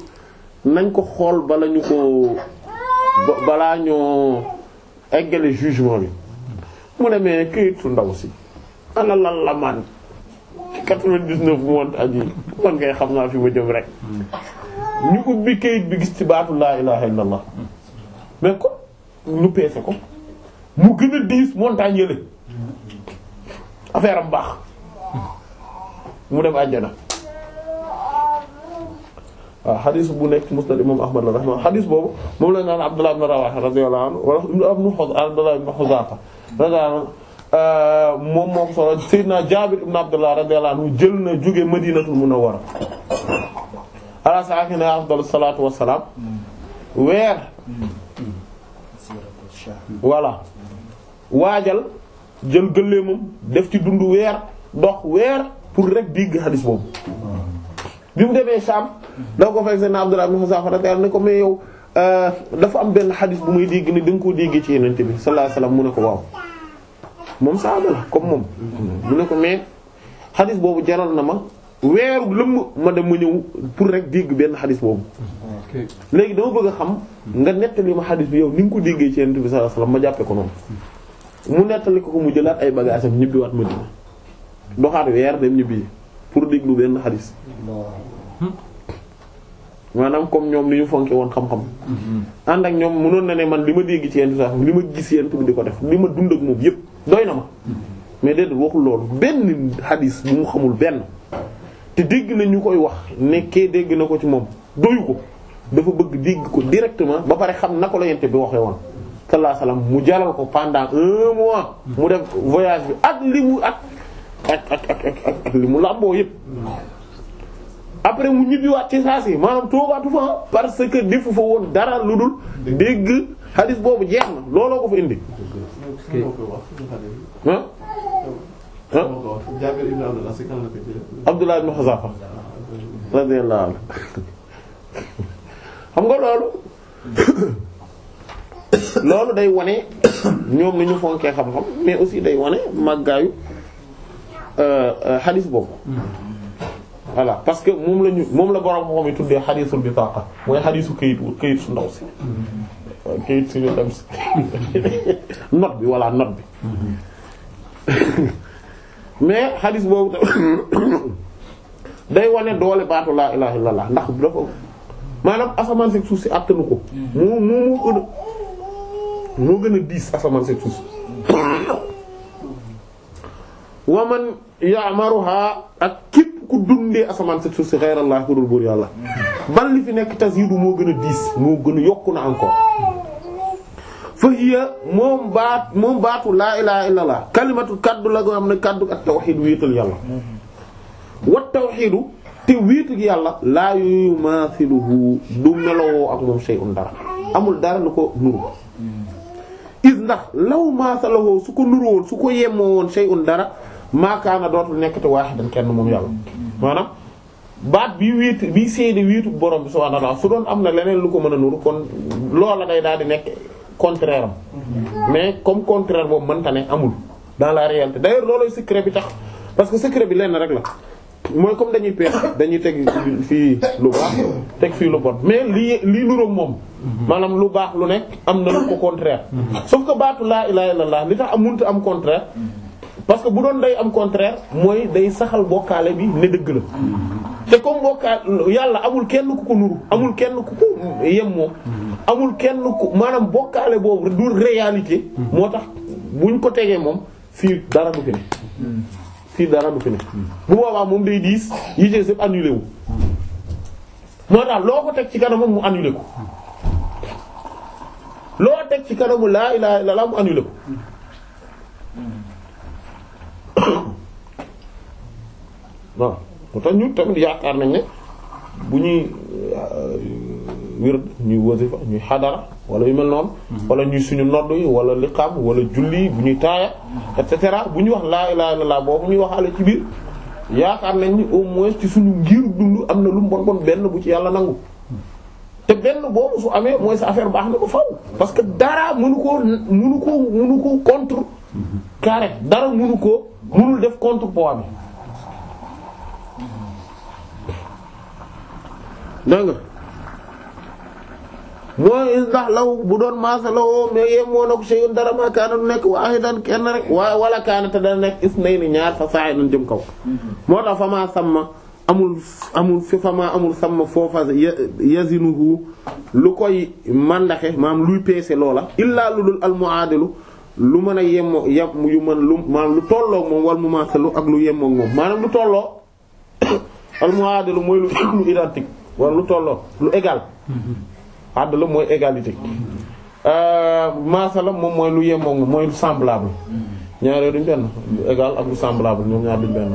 nañ ko xool bala ñu ko balaa ñoo eggale jugement bi mu ne mais këyit su ndaw si ana lan la man ci quatre-vingt-dix-neuf mois aji man ngay xam naa fi ma jëm rek hmm. ñu ubbi këyit bi gis ci baatu laa ilaha illallah mais ko ñu peese ko mu gën a diis montagne yële affaire baax mu dem àjjana waaw xadis bu nekk musnad imam ahmad la rahma xadis boobu moom la naan abdullah ibn rawaha radiyallahu anhu wala ibn abdullah ibn xuzafa radiyallahu anhu euh, moom moom solo Seydina Jaabir ibn Abdullah radiyallahu anhu jël na jóge Madinatul Munawwara ala saakina afdalu salaatu wassalaam weer voilà waajal jël gëléemam def ci dund weer dox weer pour rek digg xadis boobu bi mu demee Saam dafa ko fekk seen Abdullah ibn Huzaafa radiyallahu anhu ne ko mais yow euh, dafa am benn xadis bu muy dégg ni da nga koo déggee ci yenente bi sallallahu alayhi wasallam mu ne ko waaw moom saaba la comme moom mu ne ko mais xadis boobu jaral na ma weeru lëmm ma dem ma ñëw pour rek dégg benn xadis boobu léegi dama bëgg a xam nga nettali ma xadis bi yow ni nga ko déggee ci Yonent bi sallallahu alayhi wasallam ma jàppee ko noonu mu nettali ko ko mu jëlaat ay bagages am ñibbiwaat Madina doxaat weer dem ñibbi pour déglu benn xadis maanaam comme ñoom li ñu fonke woon xam ànd ak ñoom mënoon na ne man li ma dégg ci Yonent bi li ma gis Yonent bi di def li ma dund ak moom yëpp doy na ma mais déedéet waxul loolu benn xadis bu mu xamul benn te dégg na ñu koy wax nekkee dégg na ko ci moom doyu ko dafa bëgg dégg ko directement ba pare xam naka la yonent bi waxee woon sallallahu mu jaral ko pendant un mois mu def voyage bi ak li mu ak ak ak ak ak li mu làmboo yëpp après mu ñibbiwaat ci saa si maanaam toogaatu fa parce que defu fa woon dara lu dul dégg xadis boobu jeex na looloo ko fa indi ah ah Abdullah ibn Khuzafa radiyallahu anhu xam nga loolu loolu day wane ñoom ni ñu fonkee xam-xam mais aussi day wane màggaayu euh, euh, xadis boobu voilà parce que moom la ñu moom la borom xam yi tuddee xadisul bitaqa mooy xadisu këyit këyit su ndaw si këyit bi voilà note bi mais xadis boobu day wane doole baatu laa ilaha illallah ndax dafa maanaam asamaan seeg suuf si àttanu ko. moo moo gën a moo gën a diis asamaan seeg suuf si. waman ya'maruha ak képp ku dundee asamaan seeg suuf si xayrallah ku dul buur yàlla. bal li fi nekk tazidu moo gën a diis moo gën a yokk na encore. fa hiya moom baat moom baatu laa ilaha illallah kalimatu kaddu la goo xam ne kaddu ak tawxiid wéetal yàlla. wa tawxiidu. te wéetu gi yàlla laa yu maasiluhu du melowoo ak moom shay'un dara amul dara lu ko nuru ndax law maasalahoo su ko ko yemmoo woon shay'un dara maakaana dootul nekkati waaxidan kenn moom yàlla maanaam baat bi wéet bi seede wéetu borom bi subhaanahu wa ta'aala am na leneen lu ko mën a nuru kon loola day daal di nekk contraire am mais comme mënta ne amul dans la bi tax parce que secret bi lenn rek la mooy comme dañuy pexe dañuy teg fii lu baax teg fii lu bon mais lii lii lu moom maanaam lu baax lu nekk am na lu ko contraire sauf que baatu laa ilaaha illallaah li tax amunt am contraire parce que bu doon day am contraire mooy day saxal bokkaale bi ne dëgg la te comme bokkaale yàlla amul kenn ku ko nuru amul kenn ku ko yem moom amul kenn ku maanaam bokkaale boobu du réalité moo tax buñ ko tegee moom fii dara du ne fii dara du fi ne bu boobaa moom day diis yi ci sëpp annulé moo tax loo ko teg ci kanamam mu annulé ko loo teg ci kanamu laa ilaaha illallaah mu annulé ko moo tax ñu tamit yaakaar nañ ne bu ñuy euh, wér ñuy wasifa ñuy xadara wala yu mel noonu. wala suñu nodd yi wala liqaam wala julli bu ñuy taaya et cetera bu ñuy wax laa ilaaha illallaah boobu ñuy waxaale ci biir yaakaar nañ ni au moins ci suñu ngir dund am na lu mu bon benn bu ci yàlla nangu. te benn boobu su amee mooy sa affaire baax na ko faw parce que dara mënu koo mënu koo mënu koo contre carré dara mënu koo mënul def contre poids bi mooy ndax law bu doon maasa lawoo mais yem woon ak shay'un dara ma kaana du nekk waahidan kenn rek waa wala kaana te dana nekk isnayni ñaar fa sa'idan jëm kaw moo tax famaa samma amul amul fi famaa amul samma foofa yazinuhu lu koy màndaxe maam luy peese loola illaa lu dul almuaadilu lu mën a yemmoo yàpp yu mën lu maanaam lu tolloog moom wal mu maasalu ak lu yemmoog moom maanaam lu tolloo almuaadilu mooy lu identique wala lu tolloo lu égal àdd la mooy égalité euh, maasala moom mooy lu yemoo mooy lu semblable ñaaree duñ benn lu égal ak lu semblable ñoom ñaar duñ benn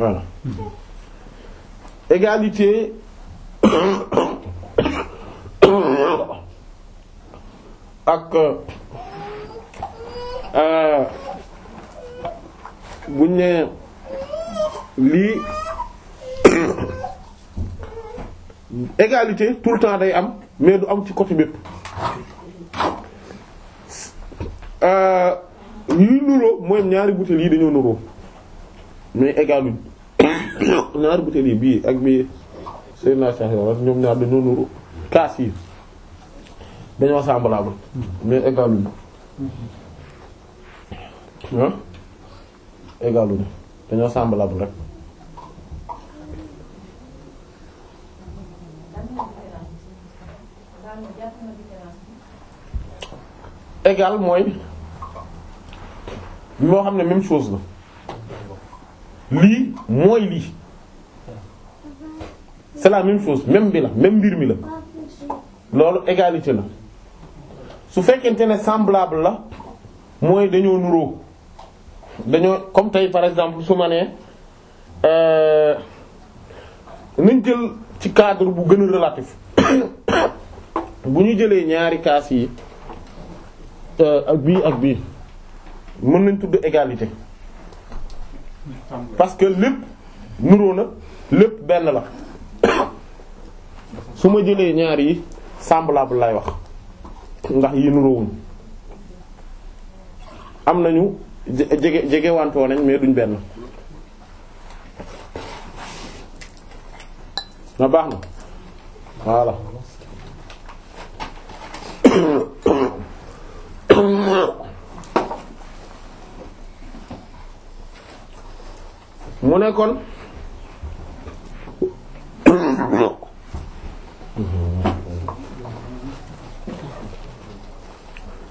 voilà égalité ak euh, buñ ne lii égalité tout le temps day am mais du am ci côté bépp yuy euh, nuroo mooy ñaari butéel yi dañoo nuroo mais égaluñ ñaari butéel yi bii ak bii seen naa sax ñoom ñaar dañoo nuroo kaas yi dañoo semblable mais égaluñ ah égaluñ dañoo semblable rek égal mooy moo xam ne même chose la lii mooy lii c'est la même chose même bi la même mbir mi la loolu égalité la su fekkente ne semblable la mooy dañoo nuroo dañoo comme tey par exemple su ma nee euh, nañ jël ci cadre bu gënu a relatif bu ñu jëlee ñaari kaas yi. Euh, ak bii ak bii mën nañ tudd égalité parce que lépp nuroo na lépp benn la su ma jëlee ñaar yi semblable lay wax ndax yi nuroowuñ am nañu jege jege wantoo nañ mais duñ benn na baax na voilà mu ne kon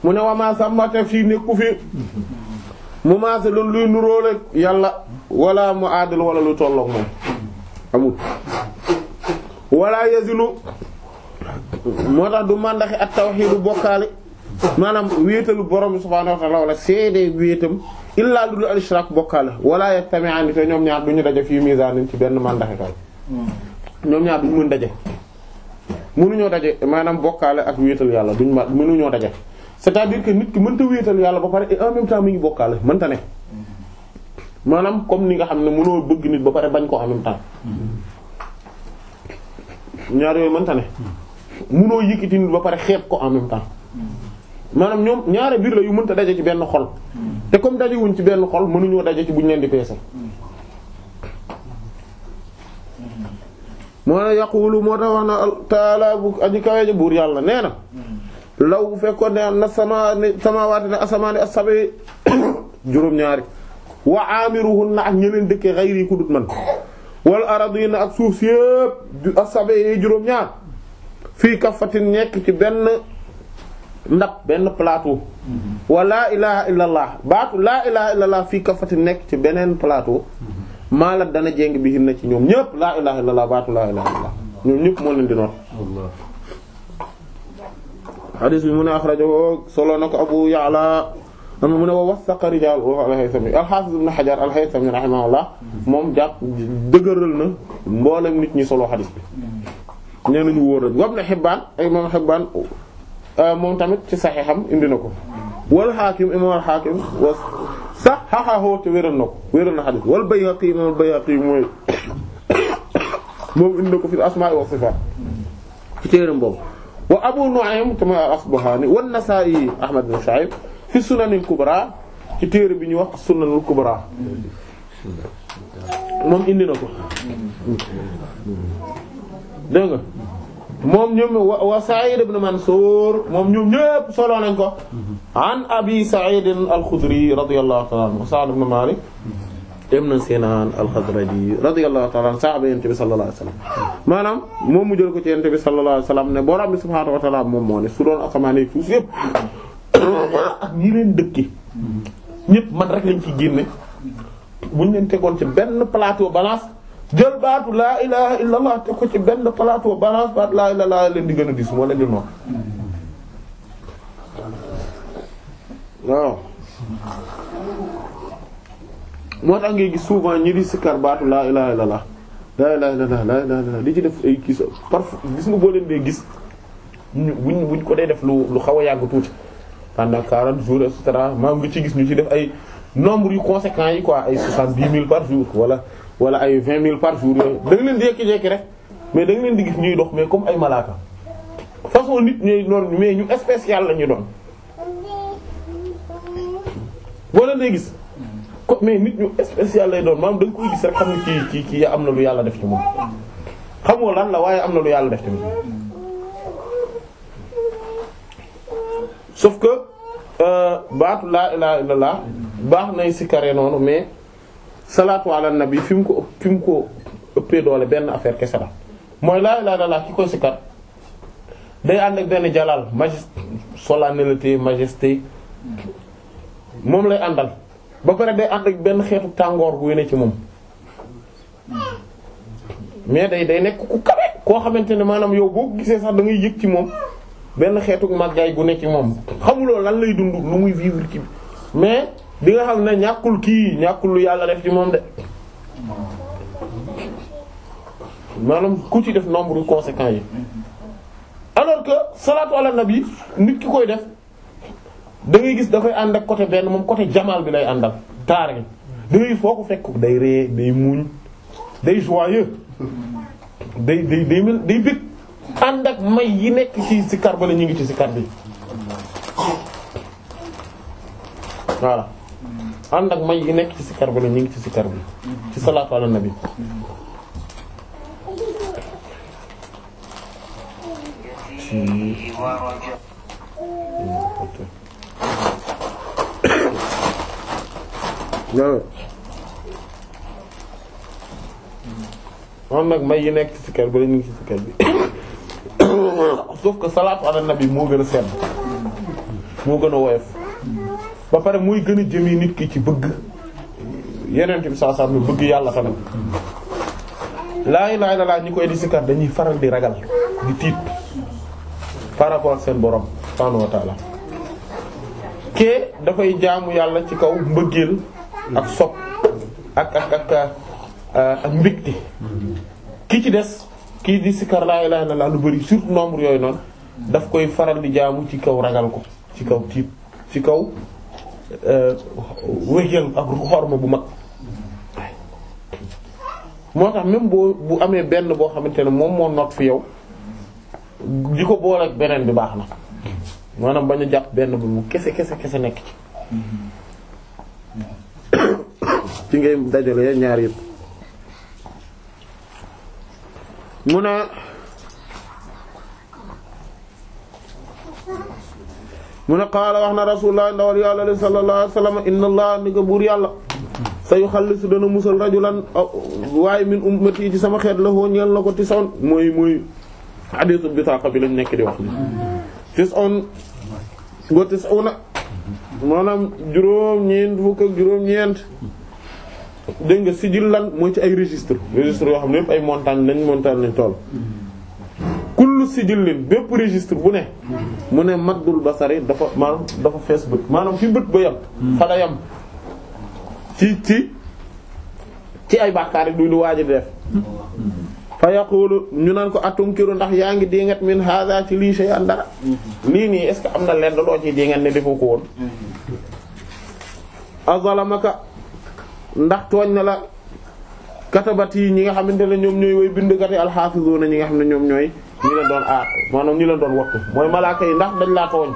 mu ne wama sàmmate fii nekku fi mu maase loolu luy nuróol yàlla wala mu aadal wala lu tolloog moom amul wala yazilu moo tax du màndaxi at tawxiidu bokkaale maanaam wéetalu borom bi subhaanahu wa ta'aala wéetam illaa lu dul al ishraak bokkaale wala yajtami'aani te ñoom ñaar duñu daje fii miisaanin ci benn màndaxekaay ñoom ñaar duñu mën daje mënuñoo daje maanaam bokkaale ak wéetal yàlla duñu ma mënuñoo daje c'est-à-dire que nit ki mënta wéetal yàlla ba pare et en même temps ngi bokkaale mënta ne maanaam comme ni nga xam ne mënoo bëgg nit ba pare bañ ko en même temps ñaar yooyu mënta ne mënoo yëkkati nit ba pare xeeb ko en même temps maanaam ñoom ñaare mbir la yu mënta daje ci benn xol hmm. te comme dajewuñ ci benn xol mënuñoo daje ci buñ leen di peese. Hmm. moo ne yaqulu moo tax wax na taala aji kaweeja buur yàlla nee na hmm. law bu fekkoon ne am na sama samawaati ne asamaani juróom-ñaari wa amiruhunna ak ñeneen xayri ku man wal aradina ak suuf si yëpp asabi juróom-ñaar fii kafatin nekk ci benn ndab benn palaatu mhm. wa laa ilaha laa baatu laa ilaha illallah fii kafatin nekk ci beneen plateau. Mhm. maalat dana jéng bi na ci ñoom ñëpp laa ilaha illallah baatu laa ilaha illallah ñoom ñëpp moo leen di noot. xadis bi mu ne axrajahu solo na ko Abu Ya'la am mu ne wa wasaqa rijaal al-Haythami al-Hafiz ibn Hajar al-Haythami rahimahullah mhm. moom jàpp dëgëral na mboolem nit ñi solo xadis bi. nee nañu wóor rek Ibn Hibbaan ak Imaam Euh, moom tamit ci saxiixam indi na ko wal xaakim imaam al xaakim was sax xaxaaxoo te wéral na ko wéral na xadis wal bayhaqi imaam al bayhaqi mooy moom indi na ko fi asmaa wa sifaat ci téeram boobu wa abu nu'aym te mooy al asbahaani wan nasaa'i ahmad bin shu'ayb fi sunanil kubra ci téere bi ñuy wax sunanul kubra moom indi na ko dégg nga moom ñoom wa Sa'id ibn Mansur moom ñoom ñëpp solo nañ ko an Abi Sa'id al-Khudri radiyallahu ta'ala anhu Sa'd ibn Malik ibn Sinan al-Khadraji radiyallahu ta'ala anhu sahaba Yonent bi sallallahu alayhi maanaam moom mu jël ko ci Yonent bi sallallahu alayhi ne borom bi subhanahu wa ta'ala moom moo ne su doon asamaan yi suuf yëpp ak ñi leen dëkki ñëpp man rek lañ ci génne buñ leen tegoon ci benn plateau balance jël baatu laa ilaha illa allah te ko ci benn plateau balance baatu laa ilaha illa leen di gën a dis moo leen di noonu waaw moo tax ngay gis souvent ñi di sikkar baatu laa ilaha illa allah laa ilaha illa allah laa ilaha illa allah li ci def ay kii parfois gis nga boo leen dee gis buñ buñ ko dee def lu lu xaw a yàgg tuuti pendant 40 jours et cetera maa ngi ci gis ñu ci def ay nombre yu conséquents yi quoi ay 70 000 par jour wala wala ay vingt mille par jour yooyu da leen di jékki-jékki rek mais da leen di gis ñuy dox mais comme ay malaaka façon nit ñooy noonu mais ñu spécial la ñu doon boo leen gis ko mais nit ñu spécial lay doon maanaam da koy gis rek xam nga kii kii kii am na lu yàlla def ci moom xamoo lan la waaye am na lu yàlla def tamit sauf que euh, baatu laa ilaaha illallaah baax nay sikare noonu mais salaatu ala nabi fi ko ëpp fi mu ko ëppee doole benn affaire kese la mooy laa ilaaha illallaah ki koy sikkat day ànd ak benn jalal majesté solennité majesté moom lay àndal ba pare day ànd ak benn xeetu tàngoor bu wene ci moom mais day day nekk ku kawe koo xamante ne maanaam yow boo gisee sax da ngay yëg ci moom benn xeetu màggaay gu ne ci moom xamuloo lan lay dund lu muy vivre ci mais di nga xam ne ñàkkul kii ñàkkul yàlla def ci moom de maanaam ku ci def nombre conséquent yi alors que salaatu ala nabi nit ki koy def da ngay gis dafay ànd ak côté benn moom côté jamaal bi lay àndal taar gi da ngay foo ko fekk day ree day muuñ day joyeux day day day mel ànd ak may yi nekk ci si ba la ñu ngi ci sikar bi voilà ànd ak may gi nekk ci sikar bi la ñu ngi ci sikar bi ci salaatu ala nag may yi nekk ci sikar bi la ñu ngi ci sikar bi moo gën a sedd moo gën a woyof ba pare muy gën a yi nit ki ci bëgg yenente bi saa mi bëgg yàlla tamit laa ilaaha laa ñi koy di dañuy faral di ragal di tiit par rapport seen borom subhaanahu wa taala kee dafay jaamu yàlla ci kaw mbëggeel ak sopp ak ak ak mbigte ki ci des kii di sikar laa ilaaha illallaah lu bari surtout nombre yooyu noonu daf koy faral di jaamu ci kaw ragal ko ci kaw tiit ci kaw Euh, wéyal ak xorma bu mag moo tax même boo bu amee benn boo xamante ne moom moo not fi yow di ko boole beneen bi baax na maanaam bañ a jàpp benn bu kese kese kese nekk ci ci ngay dajale ñaar yëpp mu ne mu ne qaala wax na rasulullah ndawal yàlla li sallallahu alayhi wasallam inna allah ni ko buur yàlla sa yu xallisu dana musal rajulan waaye min ummati ci sama xeet la hoo ñeel na ko tis on mooy mooy hadiisu bitaaqa bi lañ nekk di wax tis on go tis una maanaam juróom-ñeent fukk ak juróom-ñeent dégg nga sijil lan mooy ci ay registre registre yoo xam ne yëpp ay montagne lañ montagne lañ tool kullu sijillin bépp registre bu ne mu ne maddul basari dafa maanaam dafa fees bët maanaam fi bët ba yam hmm. fa yam ci ci ci ay bàkkaar yi du lu waaji def fa yaqulu ñu naan ko atunkiru ndax yaa ngi dingat min hada ci lii shay'an dara hmm. lii nii est ce que am na lenn loo ciy dingat ne defu ko woon hmm. azalamaka ndax tooñ na la katabat yi ñi nga xamante ne ñoom ñooy way bindkat yi alxaafizuna ñi nga xam ne ñoom ñooy ñi leen doon aar maanaam ñi mooy malaaka yi ndax dañ laa tooñ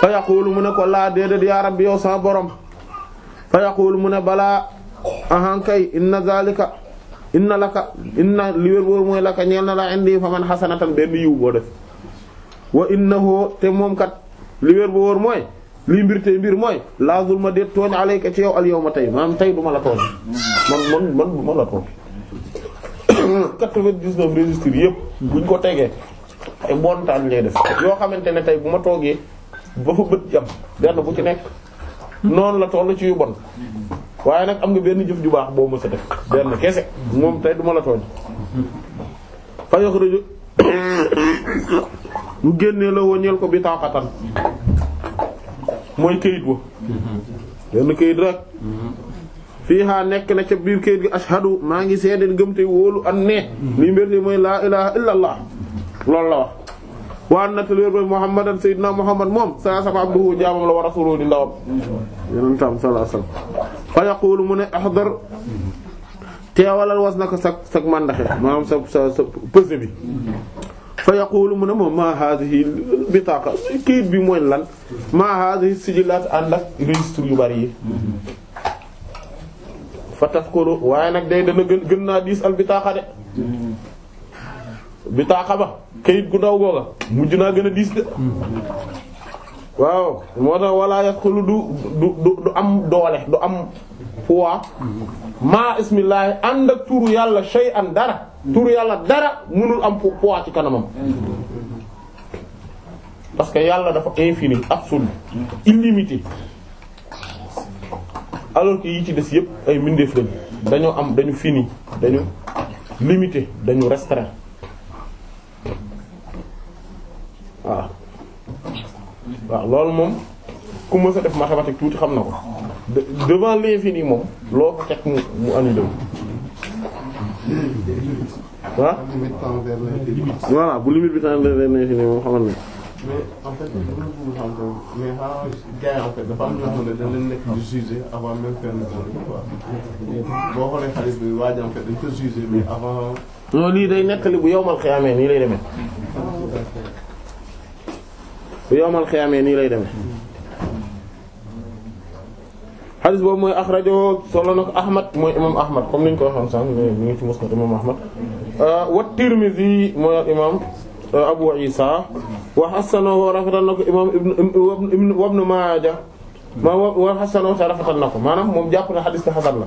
fa yaqulu mu ne ko laa déedéet yaa rabbi yow sama borom fa yaqulu mu ne balaa ahankay inna zalika inna laka inna li wér wóor mooy laka ñeel na la indi fa man xasanatan benn yiw boo def wa innahu te moom kat li wér bu mooy lii mbir mbir mooy laa zulma déet tooñ alayka ci yow al yawma tey maanaam tey duma la tooñ man man la tooñ quatre-vingt-dix-neuf registres yëpp buñ ko tegee ay montagne lay def yoo xamante ne tey bu ma toogee ba fa bët jam benn bu ci nekk noonu la toll ci yu bon waaye nag am nga benn jëf ju baax boo mës a def benn kese moom tey duma la tooñ fa yox rajo mu génnee la wañeel ko bi taakatan mooy këyit wa benn këyit rek fiihaa nekk na ca biir kayit gi ashhadu maa ngi seedeel gëm te wóolu an ne li mbir mooy laa ilaha illa allah loolu la wax waa nattaléer ba muhammadan sayyidina muhammad moom saa sama mu ne ahdar sa sa mandaxe maanaam sa pëse bi fa yaqulu mu ne moom ma hadhihi bitaqa kayit bi mooy lan ma hadhihi sijilaat ànd ak registre yu bari yi fa taskuru waaye nag day dana gën gën naa diis al bitaaxa de bitaaxa ba kayit gu ndaw googa mujj naa gën a diis de waaw moo tax walla yaskulu du du du am doole du am poids maa ismillaahi ànd ak turu yàlla shay'an dara turu yàlla dara mënul am poids ci kanamam parce que yàlla dafa infini absolu illimité alors que yi ci des yëpp ay mbindeef lañ dañoo am dañu fini dañu limité dañu restreint waaw waaw loolu moom ku mës a def mathématique tuuti xam na ko devant l'infini moom loo ko teg mu mu annulé ah voilà bu limite bi tànn vers l'infini moom xamal na mais en fait bu ñu ko xam ne dañ leen nekk di jugé avant même faire bi waaj en lii day nettali bu yowmal xiyaamee nii lay deme bu yowmal xiyaamee lay demee. xadis boobu mooy axrajo solo na ko Ahmad mooy imam Ahmad comme ni ñu ko waxoon sànq ñu ngi ci musnad imam Ahmad euh, wa Tirmizi Abu Isa wa hasanahu rafetal na ko imaam ibn ibn Maaja ma wa hasanahu ta rafetal na ko maanaam moom jàpp na xadis bi xasan la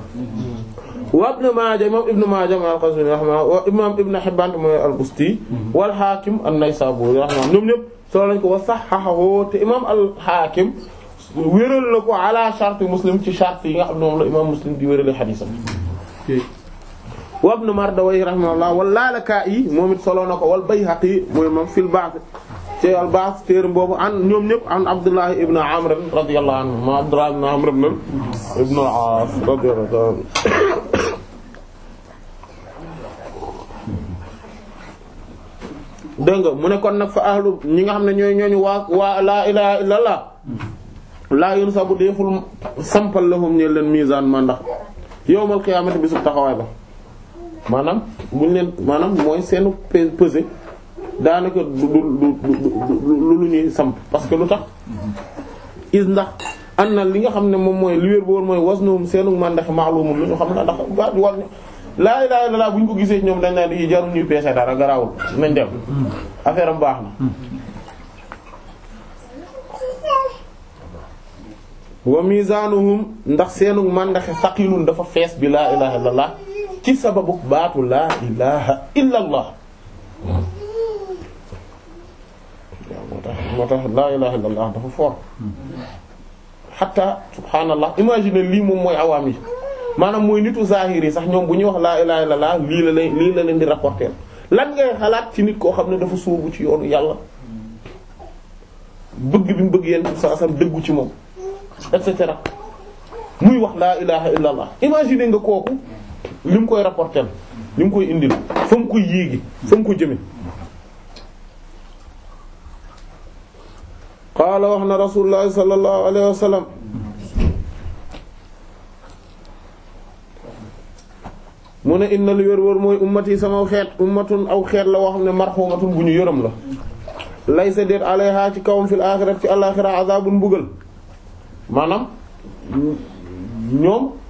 wa ibn Maaja imaam ibn Maaja ma al-Qazwini rahimahullah wa imaam ibn Hibbaan mooy al-Busti wal Haakim an-Naysaabuuri rahimahullah ñoom ñëpp solo lañ ko wa sahhahahu te imaam al-Haakim wéral na ko ala sharti Muslim ci sharti yi nga xam ne moom la imaam Muslim di wérale xadisam wa ibn Mardawayh rahimahullah wal Lalaka'i moom it solo na ko wal Bayhaqi mooy moom fil Ba'th ci al Ba'th boobu an ñoom ñëpp an Abdullah ibn Amr radiyallahu anhu ma Abdullah ibn Amr ibn al-As mu ne kon nag fa ahlu ñi nga xam ne ñooy ñooñu waa waa laa ilaha illallah laa yun sabu deeful sampal lahum ñe leen mizan ma ndax yawmal qiyamati bisub taxawaay ba maanaam muñ leen maanaam mooy seenu pesé daanaka du du du lu ñuy samp parce que lu tax is ndax an na li nga xam ne moom mooy li wér mooy was noom seenu màndax maalumul lu ñu xam na ndax wa war laa bu ñu ko gisee ñoom dañ naan yi jarul ñuy peese dara garaawul nañ dem baax wa mizanuhum ndax seenu màndaxe saqilun dafa fees bi laa ilaaha illallaah ci sababu baatu laa ilaha illa allah waaw moo tax moo tax laa ilaha illa allah dafa fort xatta subhaanallah imagine lii moom mooy awaam yi maanaam mooy nitu zahiri sax ñoom bu ñuy wax laa ilaha illa allah lii la leen lii di rapporter lan ngay xalaat ci nit koo xam ne dafa sóobu ci yoonu yàlla bëgg bi mu bëgg yenn sa asam dëggu ci moom et cetera muy wax laa ilaha illa imagine nga kooku li mu koy rapporter li mu koy indil fa mu koy yéegi fa mu ko jëme qaala wax na rasulullahi sallallahu alayhi wa sallam mu ne inna lu wér wér mooy ummati sama xeet ummatun aw xeet la woo xam ne marxumatun bu ñu yërëm la laysa déet alayha ci kawam fil aaxirat ci alaaxira azaabun mbugal maanaam ñoom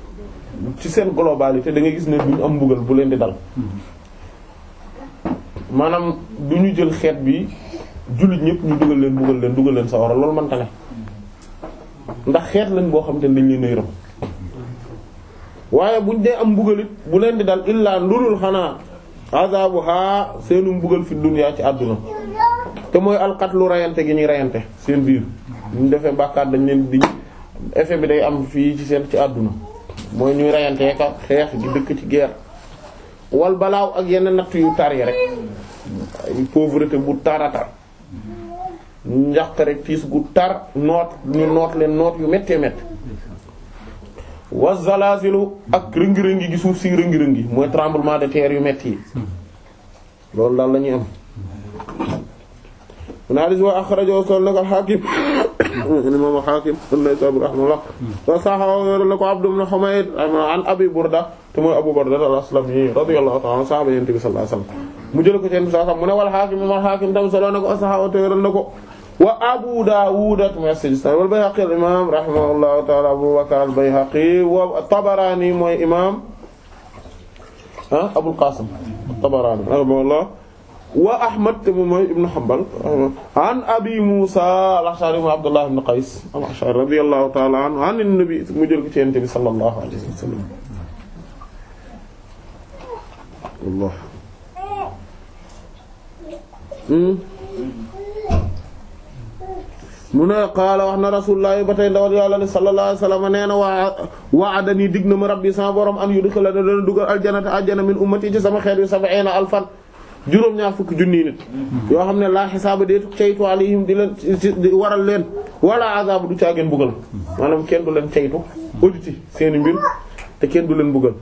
ci seen globalité da ngay gis ne duñ am mbugal bu leen di dal maanaam du ñu jël xeet bi jullit ñëpp ñu dugal leen mbugal leen dugal leen sawara loolu mënta ndax xeet lañ boo xam te ne dañ leen a yërëm waaye buñ dee am mbugalit bu leen di dal illaa lulul xanaa azabu haa seenu mbugal fi dunya ci àdduna te mooy lu rayante gi ñuy rayante seen biir ñu defee bàkkaar dañ leen di effet bi day am fii ci seen ci àdduna mooy ñuy rayantee ka xeex di dëkk ci guerre wal balaaw ak yenn natt yu tar yi rek ay pauvreté bu tarata njàq rek tiis gu tar noot ñu noot leen noot yu méttee métt wa zalaazilu ak rëngi-rëngi gi suuf si rëngi-rëngi mooy tremblement de terre yu métti yi loolu daal la ñuy am naalis wa axrajo sol nag al hakim ni moom Haakim an-Naysaabuuri rahimahullah wa saxawa wéeru la ko Abdu ibn Humayd an Abi Burda te mooy Abu Burda al-Aslami radiyallahu ta'ala anhu saxaaba Yonent bi sallallahu alayhi wa sallam mu jël ko ci Yonent bi sallallahu alayhi wa sallam mu ne wal Haakim moom Haakim tam solo na ko saxawa te wéeral na ko wa Abu Daawuud mooy as-Sijistaani wal Bayhaqi al-imaam rahimahullahu ta'ala Abu Bakr al-Bayhaqi wa Tabaraani mooy imaam ah Abul Qaasim Tabaraani rahimahullah wa ahmad te moom mooy ibnu hanbal an abi musa al-ash'ari mu abdullah ibn qays al-ash'ari radiyallahu ta'ala anhu an nabi mu jël ko ci yonent bi sallallahu alayhi wa sallam Allah hmm? mu ne qaala wax na rasulullah ba tey ndawal yàlla ne sallallahu alayhi wasallam nee na waa wa'adani dig na ma rabbi sama borom an yudkhilana dana dugal aljanata aljana min ummati ci sama xeet wi sab'ina alfan juróom-ñaar fukki junniy nit yoo xam ne laa xisaaba deetu caytu alayhim di leen di waral leen wala azaabu du caageen buggal maanaam kenn du leen caytu auditi seeni mbir te kenn du leen buggal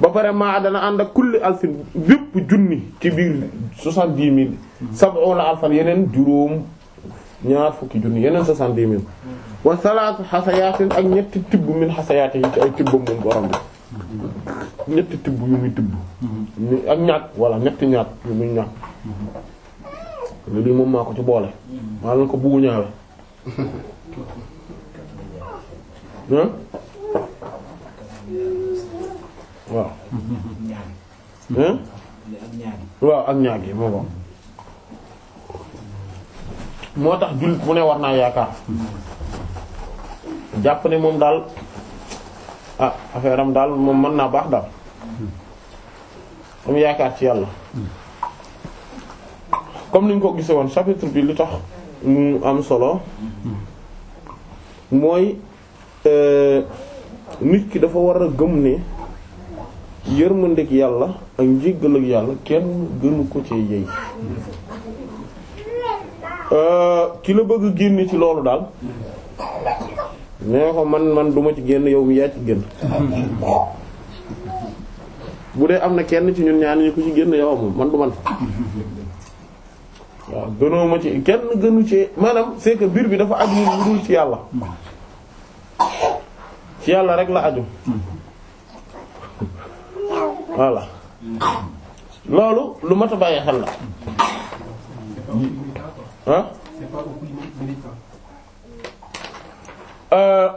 ba pare maa dana ànd ak kulli alfin bépp junni ci biir di dix mille sab'una alfan yeneen juróom ñaar fukki junni yeneen soixante-dix mille wa salaatu xasayaatin ak ñetti tibb min xasayaati yi ay tibbam moom borom bi ñetti tibb yu muy tibb. ak ñaat walla ñetti ñaat yu muy ñaat. lii moom maa ko ci boole. maa leen ko buggu ñaawe. ah. waaw. ah. waaw ak ñaar gi moo tax jullit bu ne war naa yaakaar. jàpp ne moom daal. ah affaire am daal moom mën naa baax daal am yaakaar ci yàlla comme niñ ko gise woon chapitre bi lu tax mu am solo mooy euh, nit ki dafa war a gëm ne yërmandeeg yàlla ak njéggal ak yàlla kenn gënu ko ci yey euh, ki la bëgg génn ci loolu daal nee ko man man duma ci génn yow mi yaa ci génn bu dee am na kenn ci ñun ñaan ñu ko ci génn yow man du man waaw gënoo ma ci kenn gënu ci maanaam c'est biir bi dafa aju lu dul ci yàlla ci yàlla rek la aju voilà loolu lu mat a bàyyi xel la ah Euh,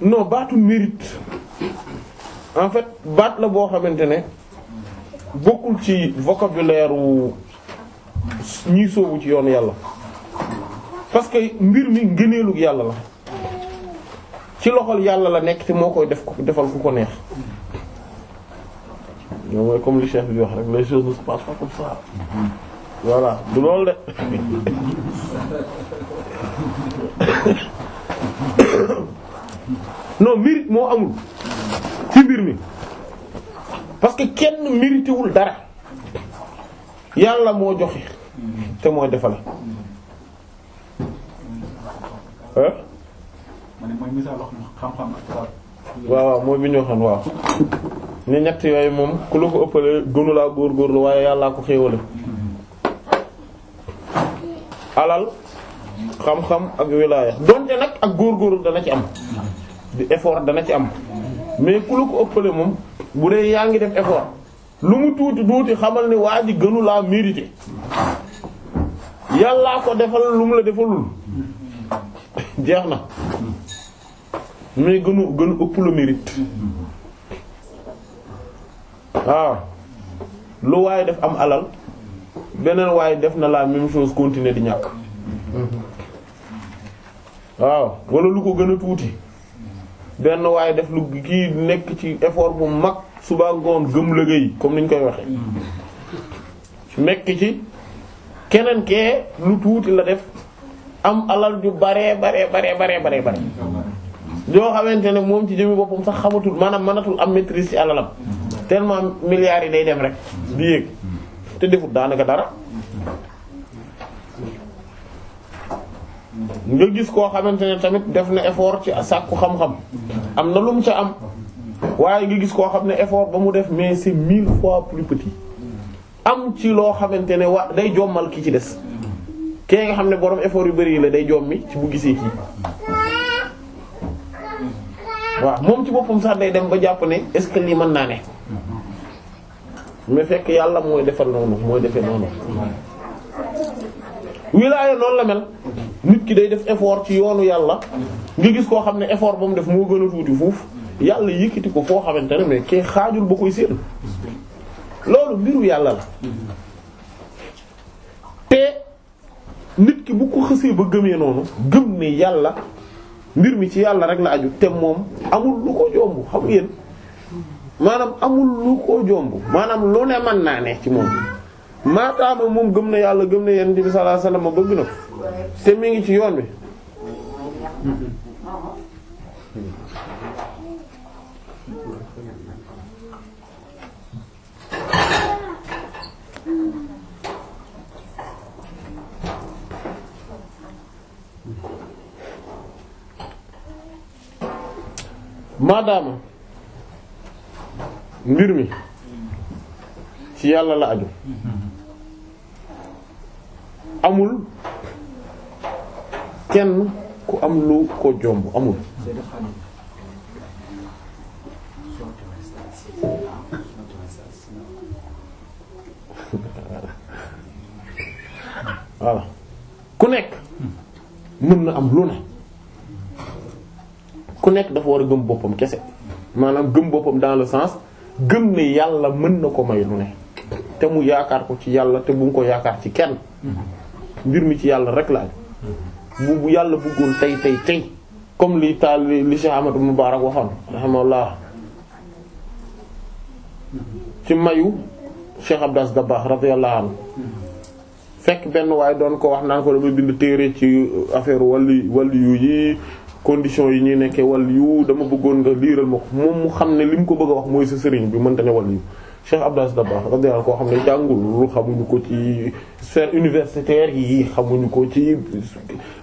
non baatu mérite en fait baat la boo xamante ne bokkul ci vocabulaire wu ñiy sóobu ci yoon yàlla parce que mbir mi ngëneelug yàlla la ci loxol yàlla la nekk te moo koy def ko defal ku ko neex ñoo mooy comme li chef bi wax rek les choses ne se passent pas comme ça voilà du loolu de non mérite moo amul ci mbir mi parce que kenn mérité dara yàlla moo joxe te moo defal. ah. ma ne mooy misaal xam-xam ak waaw waaw mooy bi ñu waxoon waaw. ne ñett yooyu moom ku la ko ëppale gënu laa góorgóorlu waaye yàllaa ko xéewale alal xam-xam ak wilaaya donte nag ak góorgóorlu dana ci am. di effort dana ci am mais ku la ko ëppale moom bu dee yaa ngi def effort lu mu tuuti tuuti xamal ne waa ji gënu laa mérité yàllaa ko defal lu mu la defalul jeex na mais gënu gënu ëpp la mérite waaw ah. lu waaye def am alal beneen waaye def na laa même chose continuer di ñàkk waaw mhm. ah. wala lu ko gën a tuuti benn waaye def lu kii nekk ci effort bu mag suba ngoon gëm liggéey comme ni ñu koy waxee nekk ci keneen kee lu tuuti la def am alal ju baree baree baree baree baree bare yoo xamante ne moom ci jëmi boppam sax xamatul maanaam mënatul am maîtrise ci alalam tellement milliards yi day dem rek di yéeg te defut daanaka dara nga gis koo xamante ne tamit def na effort ci sàkku xam-xam am na lu mu ca am waaye nga gis koo xam ne effort ba mu def mais si mille fois plus petit am ci loo xamante ne waa day jommal ki ci des kee nga xam ne borom effort yu bari la day jommi ci bu gisee kii waaw moom ci boppam sax day dem ba jàpp ne est-ce que lii mën naa ne mais fekk yàlla mooy defal noonu mooy defee noonu wilaaya noonu la mel. nit ki day def effort ci yoonu yàlla nga gis koo xam ne effort ba mu def moo gën a tuuti fuuf yàlla yëkkati ko foo xamante ne mais kay xaajul ba koy séen loolu mbiru yàlla la te nit ki bu ko xësee ba gëmee noonu gëm ne yàlla mbir mi ci yàlla rek la aju te moom amul lu ko jomb xam ngeen maanaam amul lu ko jomb maanaam lu ne man naa ne ci moom maataama moom gëm na yàlla gëm na yonent bi sallallahu alayhi wasallam bëgg na te ngi ci yoon bi maadaama mbir mi ci yàlla la aju amul kenn ku am lu ko jomb amul voilà ku nekk mën na am lu ne ku nekk dafa war a gëm boppam kese maanaam gëm boppam dans le sens gëm ne yàlla mën na ko may lu ne te mu yaakaar ko ci yàlla te bu mu ko yaakaar ci kenn mm-hmm. mbir mi ci yàlla rek la am bu bu yàlla bëggoon tey tey tey comme li taal li Cheikh Ahmad Mubarak waxoon rahimahullah ci mayu Cheikh Abdas baax radiyallahu anhu fekk benn waaye doon ko wax naan ko damay bind téere ci affaire wàllu wàllu yi condition yi ñuy nekkee wàllu yu dama bëggoon nga liiral ma ko moom mu xam ne li mu ko bëgg a wax mooy sa sëriñ bi mënta ne wàllu yu Cheikh Abdou Aziz Dabakh radiyallahu koo xam ne jàngul xamuñu ko ci sphère universitaire yi xamuñu ko ci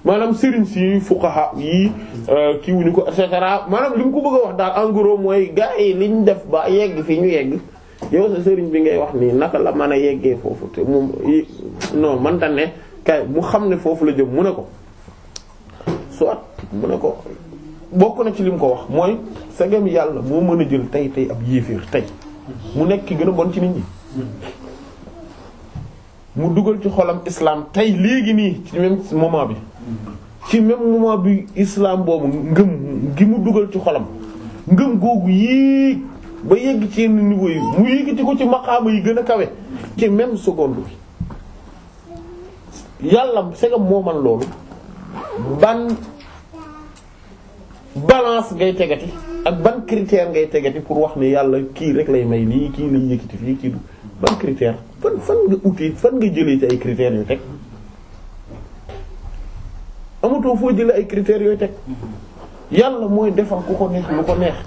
maanaam sëriñ si fuqaha yi euh, kii wuñu ko et cetera maanaam li mu ko bëgg a wax daal en mooy gars yi liñ def ba yegg fii ñu yegg yow sa sëriñ bi ngay wax nii naka la mën a yeggee foofu te moom non man dañ ne kay mu xam ne foofu la jëm mu ne ko soit mu ne ko bokk na ci li mu ko wax mooy sagam yàlla moo mën a jël tey tey ab yéeféer tey mu nekk ki gën a bon ci nit ñi mu dugal ci xolam islam tey léegi nii ci même moment bi ci même moment bi islam boobu ngëm gi mu dugal ci xolam ngëm googu yéeg ba yegg ci yenn niveau yi mu yéegati ko ci maqaama yi gën a kawe ci même seconde bi yàlla segam moo man loolu ban balance ngay tegati ak ban critère ngay tegati pour wax ne yàlla kii rek lay may lii kii lay yëkkati fii kii du ban critère fan fan nga utee fan nga jëlee ci ay critères yu teg amatoo foo jëlee ay critères yooy teg yàlla mooy defal ku ko neex lu ko neex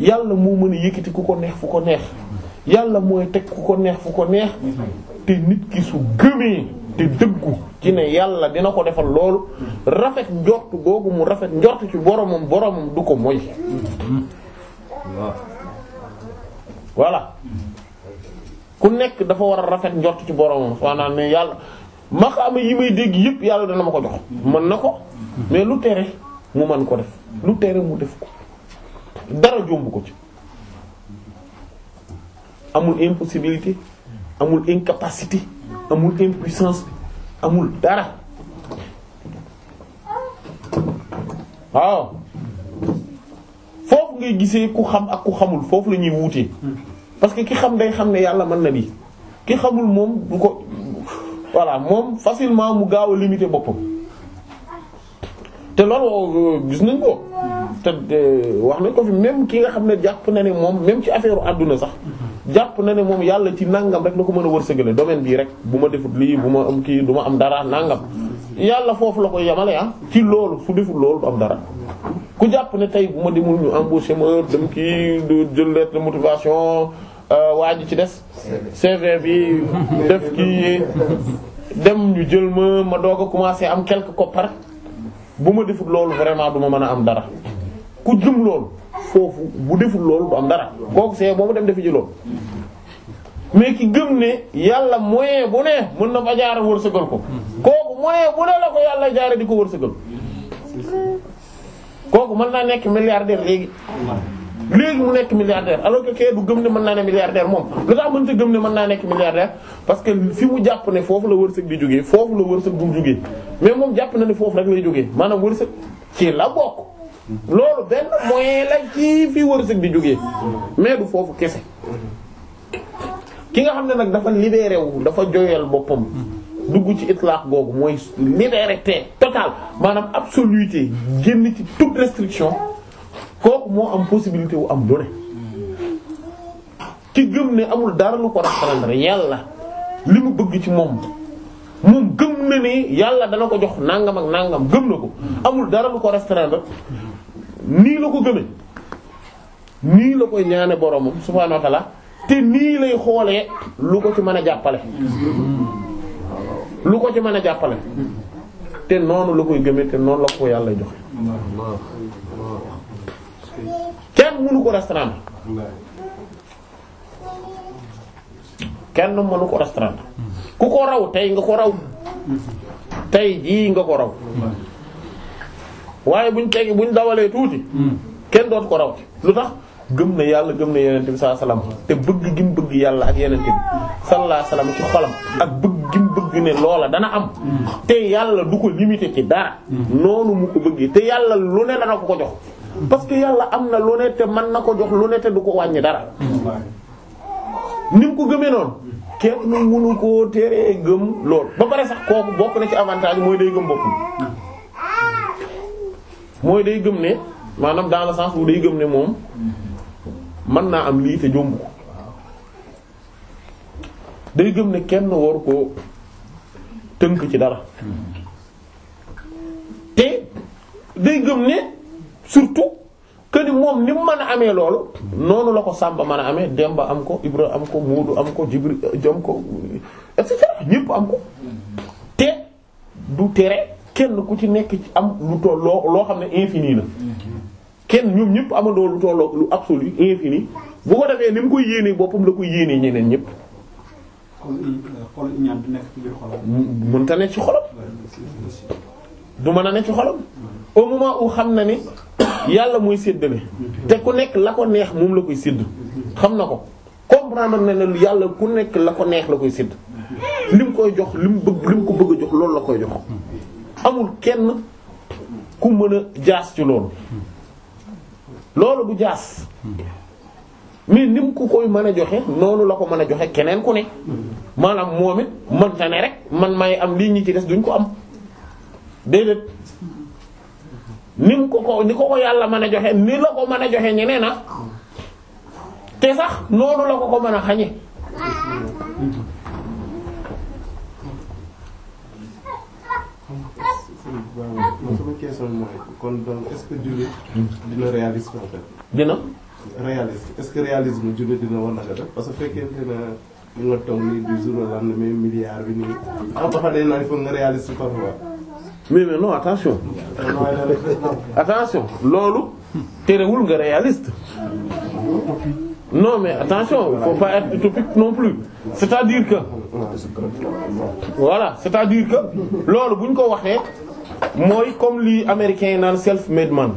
yàlla moo mën a ku ko neex fu ko neex yàlla mooy teg ku ko neex fu ko neex te nit ki su gëmee te dëggu ci ne yàlla dina ko defal loolu rafet njort googu mu rafet njort ci boromam boromam du ko moy voilà ku nekk dafa war a rafet njort ci boromam maanaam ne yàlla maqaama yi may dégg yëpp yàlla dana ma ko jox mën na ko mais lu tere mu mën ko def lu tere mu def ko dara jomb ko ci amul impossibilité amul incapacité amul impuissance amul dara waaw foofu ngay gisee ku xam ak ku xamul foofu la ñuy wuutee parce que ki xam day xam ne yàlla mën na lii ki xamul moom du ko voilà moom facilement mu gaaw a limiter boppam te loolu euh, gis nañ ko te euh, wax nañ ko fi même ki nga xam ne jàpp na ne moom même ci affaire u àdduna sax jàpp na ne moom yàlla ci nangam rek la ko mën a wërsëgale domaine bii rek bu ma defut lii bu ma am kii du ma am dara nangam yàlla foofu la ko yemale ah ci loolu su defut loolu du am dara ku jàpp ne tey bu ma demul ñu embauché ma dem kii du jël lettre de motivation euh, waa ji ci des CV bi def kii dem ñu jël ma doog commencé am quelque koppar bu ma defut loolu vraiment du mën a am dara ku jum loolu foofu bu deful loolu du am dara kooku see boo mu dem defi ji loolu mais ki gëm ne yàlla moyen bu ne mën na fa jaara wërsëgal ko kooku moyen bu ne la ko yàlla jaare di ko wërsëgal kooku mën naa nekk milliardaire léegi léegi mu nekk milliardaire alors que kay du gëm ne mën naa ne milliardaire moom lu tax mën sa gëm ne mën naa nekk milliardaire parce que fi mu jàpp ne foofu la wërsëg di jógee foofu la wërsëg bu jógee mais moom jàpp na ne foofu rek lay jógee maanaam wërsëg ci la bokk loolu benn moyen la ci fi wërsëg di jógee mais du foofu kese ki nga xam ne nag dafa libéré wu dafa joyal boppam dugg ci itlaax googu mooy liberté totale maanaam absoluité génn ci toute restriction kooku moo am possibilité wu am lu ne ki gëm ne amul dara lu ko rafetal yàlla li mu bëgg ci moom mu gëm na ni yàlla dana ko jox nangam ak nangam gëm na ko amul dara lu ko restreindre nii la ko gëme nii la koy ñaane boromam subhaanahu wa ta'ala te nii lay xoolee lu ko ci mën a jàppale lu ko ci mën a jàppale te noonu la koy gëme te noonu la ko yàlla joxe kenn mënu ko restaurant kenn mënu ko restaurant ku ko raw tey nga ko raw tey jii nga ko raw waaye bu ñu buñ bu ñu dawalee tuuti. Hmm. kenn dootu ko raw lu tax gëm na yàlla gëm na yenente bi sallallahu alayhi te bëgg gim mu bëgg yàlla ak yenente bi sallallahu alayhi wasallam ci xolam ak bëgg gi mu bëgg ne loola dana am hmm. te yàlla du ko limité ci dara hmm. noonu mu ko bëggee te yàlla lu ne dana ko ko jox parce que yàlla am na lu ne te mën na ko jox lu ne te du ko wàññi dara ni mu ko gëmee noonu kenn mënu koo teree gëm lool ba pare sax kooku bokk na ci avantage mooy day gëm boppam mooy day gëm ne maanaam dans le sens où day gëm ne moom mën naa am lii te jomb ko day gëm ne kenn waru koo tënk ci dara te day gëm ne surtout que moom ni mu mën a amee loolu noonu la ko Samba mën a amee Demba am ko Ibra am ko Moodu am ko Jibril jom ko et cetera ñépp am ko te du tere. kenn ku ci nekk ci am lu toll loo loo xam ne infini la kenn ñoom ñëpp amandoo lu tolloo lu absolu infini bu ko defee ni mu koy yéenee boppam la koy yéenee ñeneen ñëpp. xol ñaan ne ci xolam. du mën a ne ci xolam. au moment où xam na ni yàlla mooy séddale. te ku nekk la ko neex moom la koy sidd xam na ko comprendre na ne yàlla ku nekk la ko neex la koy sédd. lim koy jox lim bëgg lim ko bëgg a jox loolu la koy jox. amul kenn ku mën a jaas ci loolu loolu du jaas mais ni mu ko koy mën a joxe noonu la ko mën a joxe keneen ku ne maanaam moom it mënta ne rek man may am lii ñi ci des duñ ko am déedéet ni ko ko ni ko ko yàlla mën a joxe ni la ko mën a joxe ñeneen na te sax noonu la ko ko mën a xañe waaw sama question mooy dina réaliste en fait. dina. réaliste parce que fekkente na bi nii en tout cas day attention. attention loolu terewul nga réaliste. non mais attention faut pas être utopique non plus c'est-à-dire que. voilà c'est-à-dire que loolu bu ñu ko waxee. mooy comme li americain yi naan self made man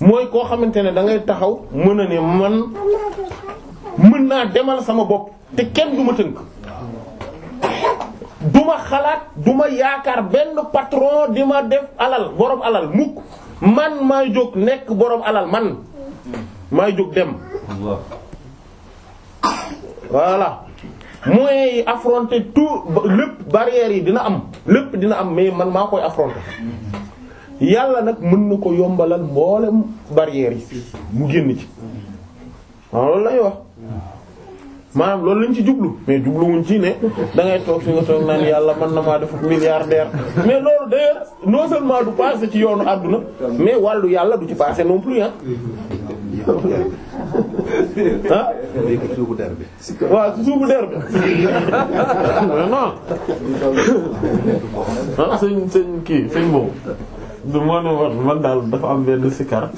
mooy koo xamante ne dangay taxaw mën na ni man mën naa demal sama bopp te kenn du ma tënk du xalaat du yaakaar benn patron di ma def alal borom alal mukk man maay jóg nekk boroom alal man maa jóg dem voilà mooy affronter tout lépp barrières yi dina am lépp dina am mais man maa koy affronter yàlla nag mën na ko yombalal mboolem barrière yi mu génn ci waaw loolu lay wax maanaam loolu lañ ci jublu mais wuñ ci ne da ngay toog si nga toog naan yàlla mën na maa def milliardaire mais loolu d'ailleurs non seulement du passé ci yoonu àdduna mais wàllu yàlla du ci passé non plus ah ah. léegi suufu der bi. waaw suufu der bi. non. ah sëñ sëñ kii sëñ boobu. du ma ne man daal dafa am benn sikar.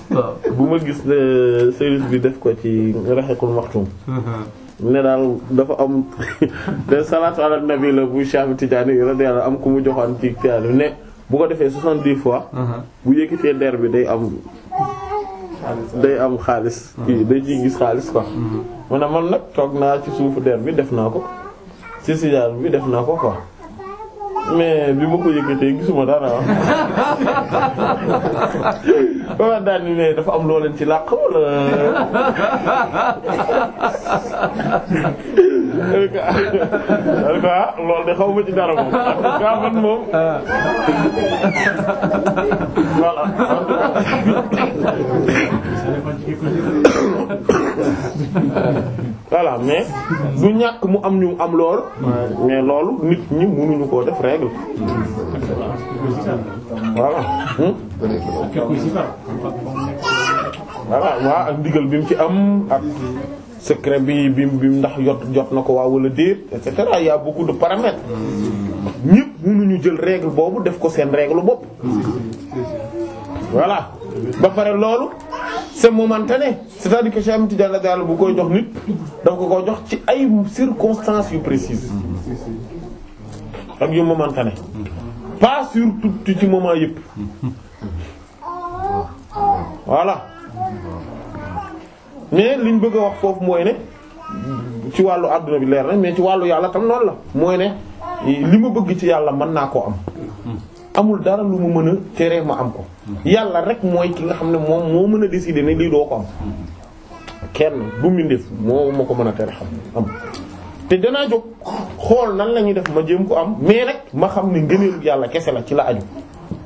bu ma gis ne service bi def ko ci raxekul maxtum. Uh-huh. ne daal dafa am de salaatu ala nabi la bu Cheikh Tidiane radiyallahu am ku mu joxoon ci tiyaar bi ne bu ko defee soixante-dix fois. Uh-huh. bu yëkkitee der bi day am. day am xaalis kii day ci gis xaalis quoi mu ne man nag toog naa ci suufu der bi def naa ko ci sijaar bi def naa ko quoi mais bi ma ko yëkkatee gisuma dara waaw daal ni ne dafa am loo ci làq loolu de xaw ma ci dara moom en tout cas moom voilà voilà mais du ñàkk mu am ñu am lool mais loolu nit ñi mënuñu koo def règle voilà waa ak ndigal bi mu ci am ak secret bi bi bi ndax jot jot na ko waa wala déet et cetera il y a beaucoup ñëpp ñu jël règle boobu def ko seen règle bopp voilà ba pare loolu c'est momentané c'est-à-dire que Cheikh Ahmed Tidiane Dall bu koy jox nit dafa ko ko jox ci ay circonstances yu précises ak yu momentané pas sur tout ci moment yëpp voilà mais liñ bëgg a wax foofu mooy ne ci wàllu àdduna bi leer na mais ci wàllu yàlla tam noonu la mooy ne li ma bëgg ci yàlla mën naa koo am amul dara lu mu mën a teree ma am ko yàlla rek mooy ki nga xam ne moom moo mën a décider ne lii doo ko am kenn du def moo ma ko mën a tere xam am te danaa jóg xool nan la def ma jëm ko am mais nag ma xam ne ngëneelu yàlla kese la ci la aju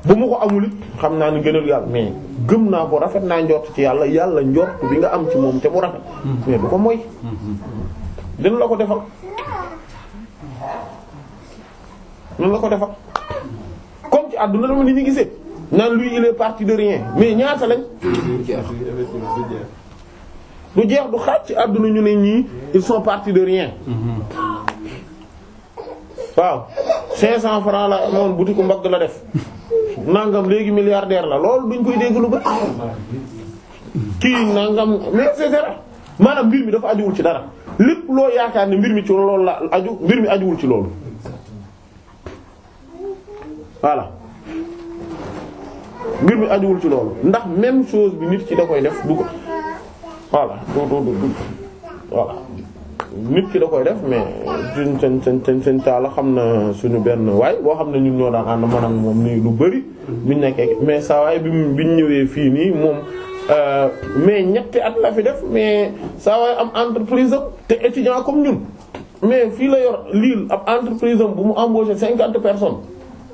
bu ma ko amul it xam naa ni ngëneelu yàlla mais gëm naa ko rafet naa njort ci yàlla yàlla njort bi nga am ci moom te mu rafet mm-hmm. mais du ko mooy mm-hmm. dina la ko defal noonu la ko defal comme ci àdduna dama ni ñu gisee naan lui il est parti de rien mais ñaata lañ. du jeex du xaaj ci àdduna ñu ne ñii ils sont partis de rien. waaw 500 francs la amoon boutique mbagg la def nangam léegi milliardaire la loolu duñ koy dégg lu ba kii nangam mais c'est maanaam mbir mi dafa ajuwul ci dara lépp loo yaakaar ne mbir mi ci loolu la aju mbir mi ajuwul ci loolu. voilà mbir bi ajuwul ci loolu ndax même chose bi nit ki da koy def du ko voilà du du du nit ki da koy def mais suñ seen seen seen seen taala xam na suñu benn waay boo xam ne ñun ñoo daan ànd maanaam moom nii lu bari biñ nekkee mais saa bi mu bi ñu ñëwee fii nii moom euh, mais ñetti at la fi def mais saa am entreprise te étudiant comme ñun mais fii la yor Lille ab entreprise am bu mu embauché cinquante personne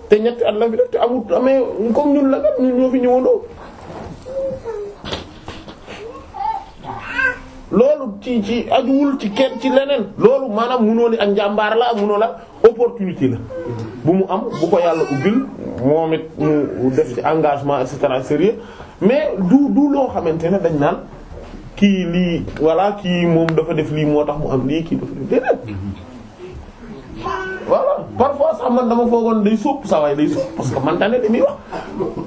te ñetti at la fi def te amul amee comme ñun la ñun ñoo fi ñëwandoo. loolu ci ci ajuwul ci kenn ci leneen loolu maanaam munoo ni ak njàmbaar la munoo la opportunité la bu mu am bu ko yàlla ubbil moom it mu def ci engagement et cetera sérieux mais du du loo xamante ne dañ naan kii lii voilà kii moom dafa def lii moo tax mu am lii kii dafa def déedéet voilà parfois sax man dama foogoon day sóob saa waay day sóob parce que man tane li muy wax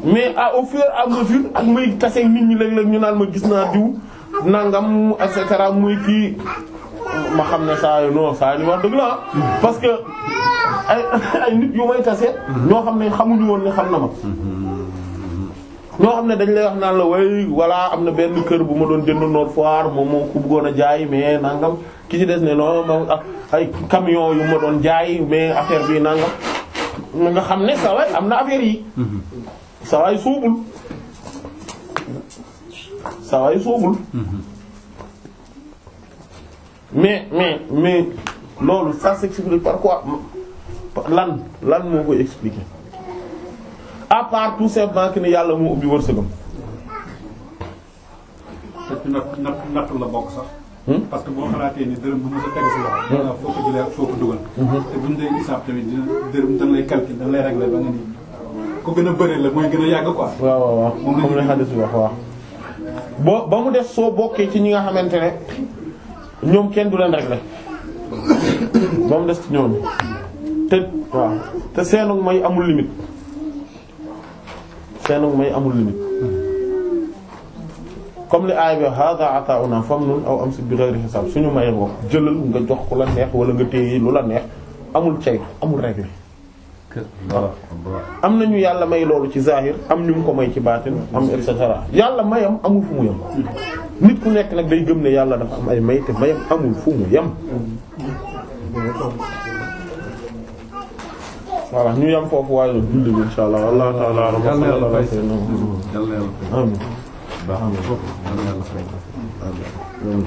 mais à au fur et à mesure ak muy tase nit ñi léeg-léeg ñu naan ma gis naa diw nangam et cetera muy kii ma xam ne saa yu non saa yu wax dëgg la ah. parce que ay ay nit yu may tase. ñoo xam ne xamuñu woon ni xam na ma. ñoo xam ne dañ lay wax naan la way voilà am na benn kër bu ma doon jënd noor foire moom moo ko bëggoon a jaay mais nangam. ki ci des ne non non ah, ay camion yu ma doon jaay mais affaire bii nangam nga xam ne sa am na affaire yi. sa waay suubul sa mais mais loolu ça s'explique par quoi à part tout ni yàlla moo ubbi wërsëgam. te ci la bokk parce que boo xalaatee ni dërëm bu ma sa teg si hmm. waaw hmm. te buñ dee isaab tamit dina dërëm dañ lay ko gën a bëri la mooy gën a yàgg quoi. waaw waaw waaw comme li wax waaw. boo ba mu def soo bokkee ci ñi nga xamante ne ñoom kenn du leen rek la ba mu des ci ñoom te waaw te seenu may amul limite seenu may amul limite. comme li aay bi hada ata'una famnun aw amsik bi ghayri hisab suñu maye wax jëlal nga jox ku la neex wala nga téye lu la neex amul cay amul règle am nañu yàlla may ci zahir am ñu mu ko may ci baatin am et cetera yàlla mayam amul fu mu yem nit ku nekk nag day gëm ne yàlla dafa am ay may te mayam amul fu mu yem voilà ñu yem foofu waaye julli bi insha allah allah ta'ala baax na ko yàlla fay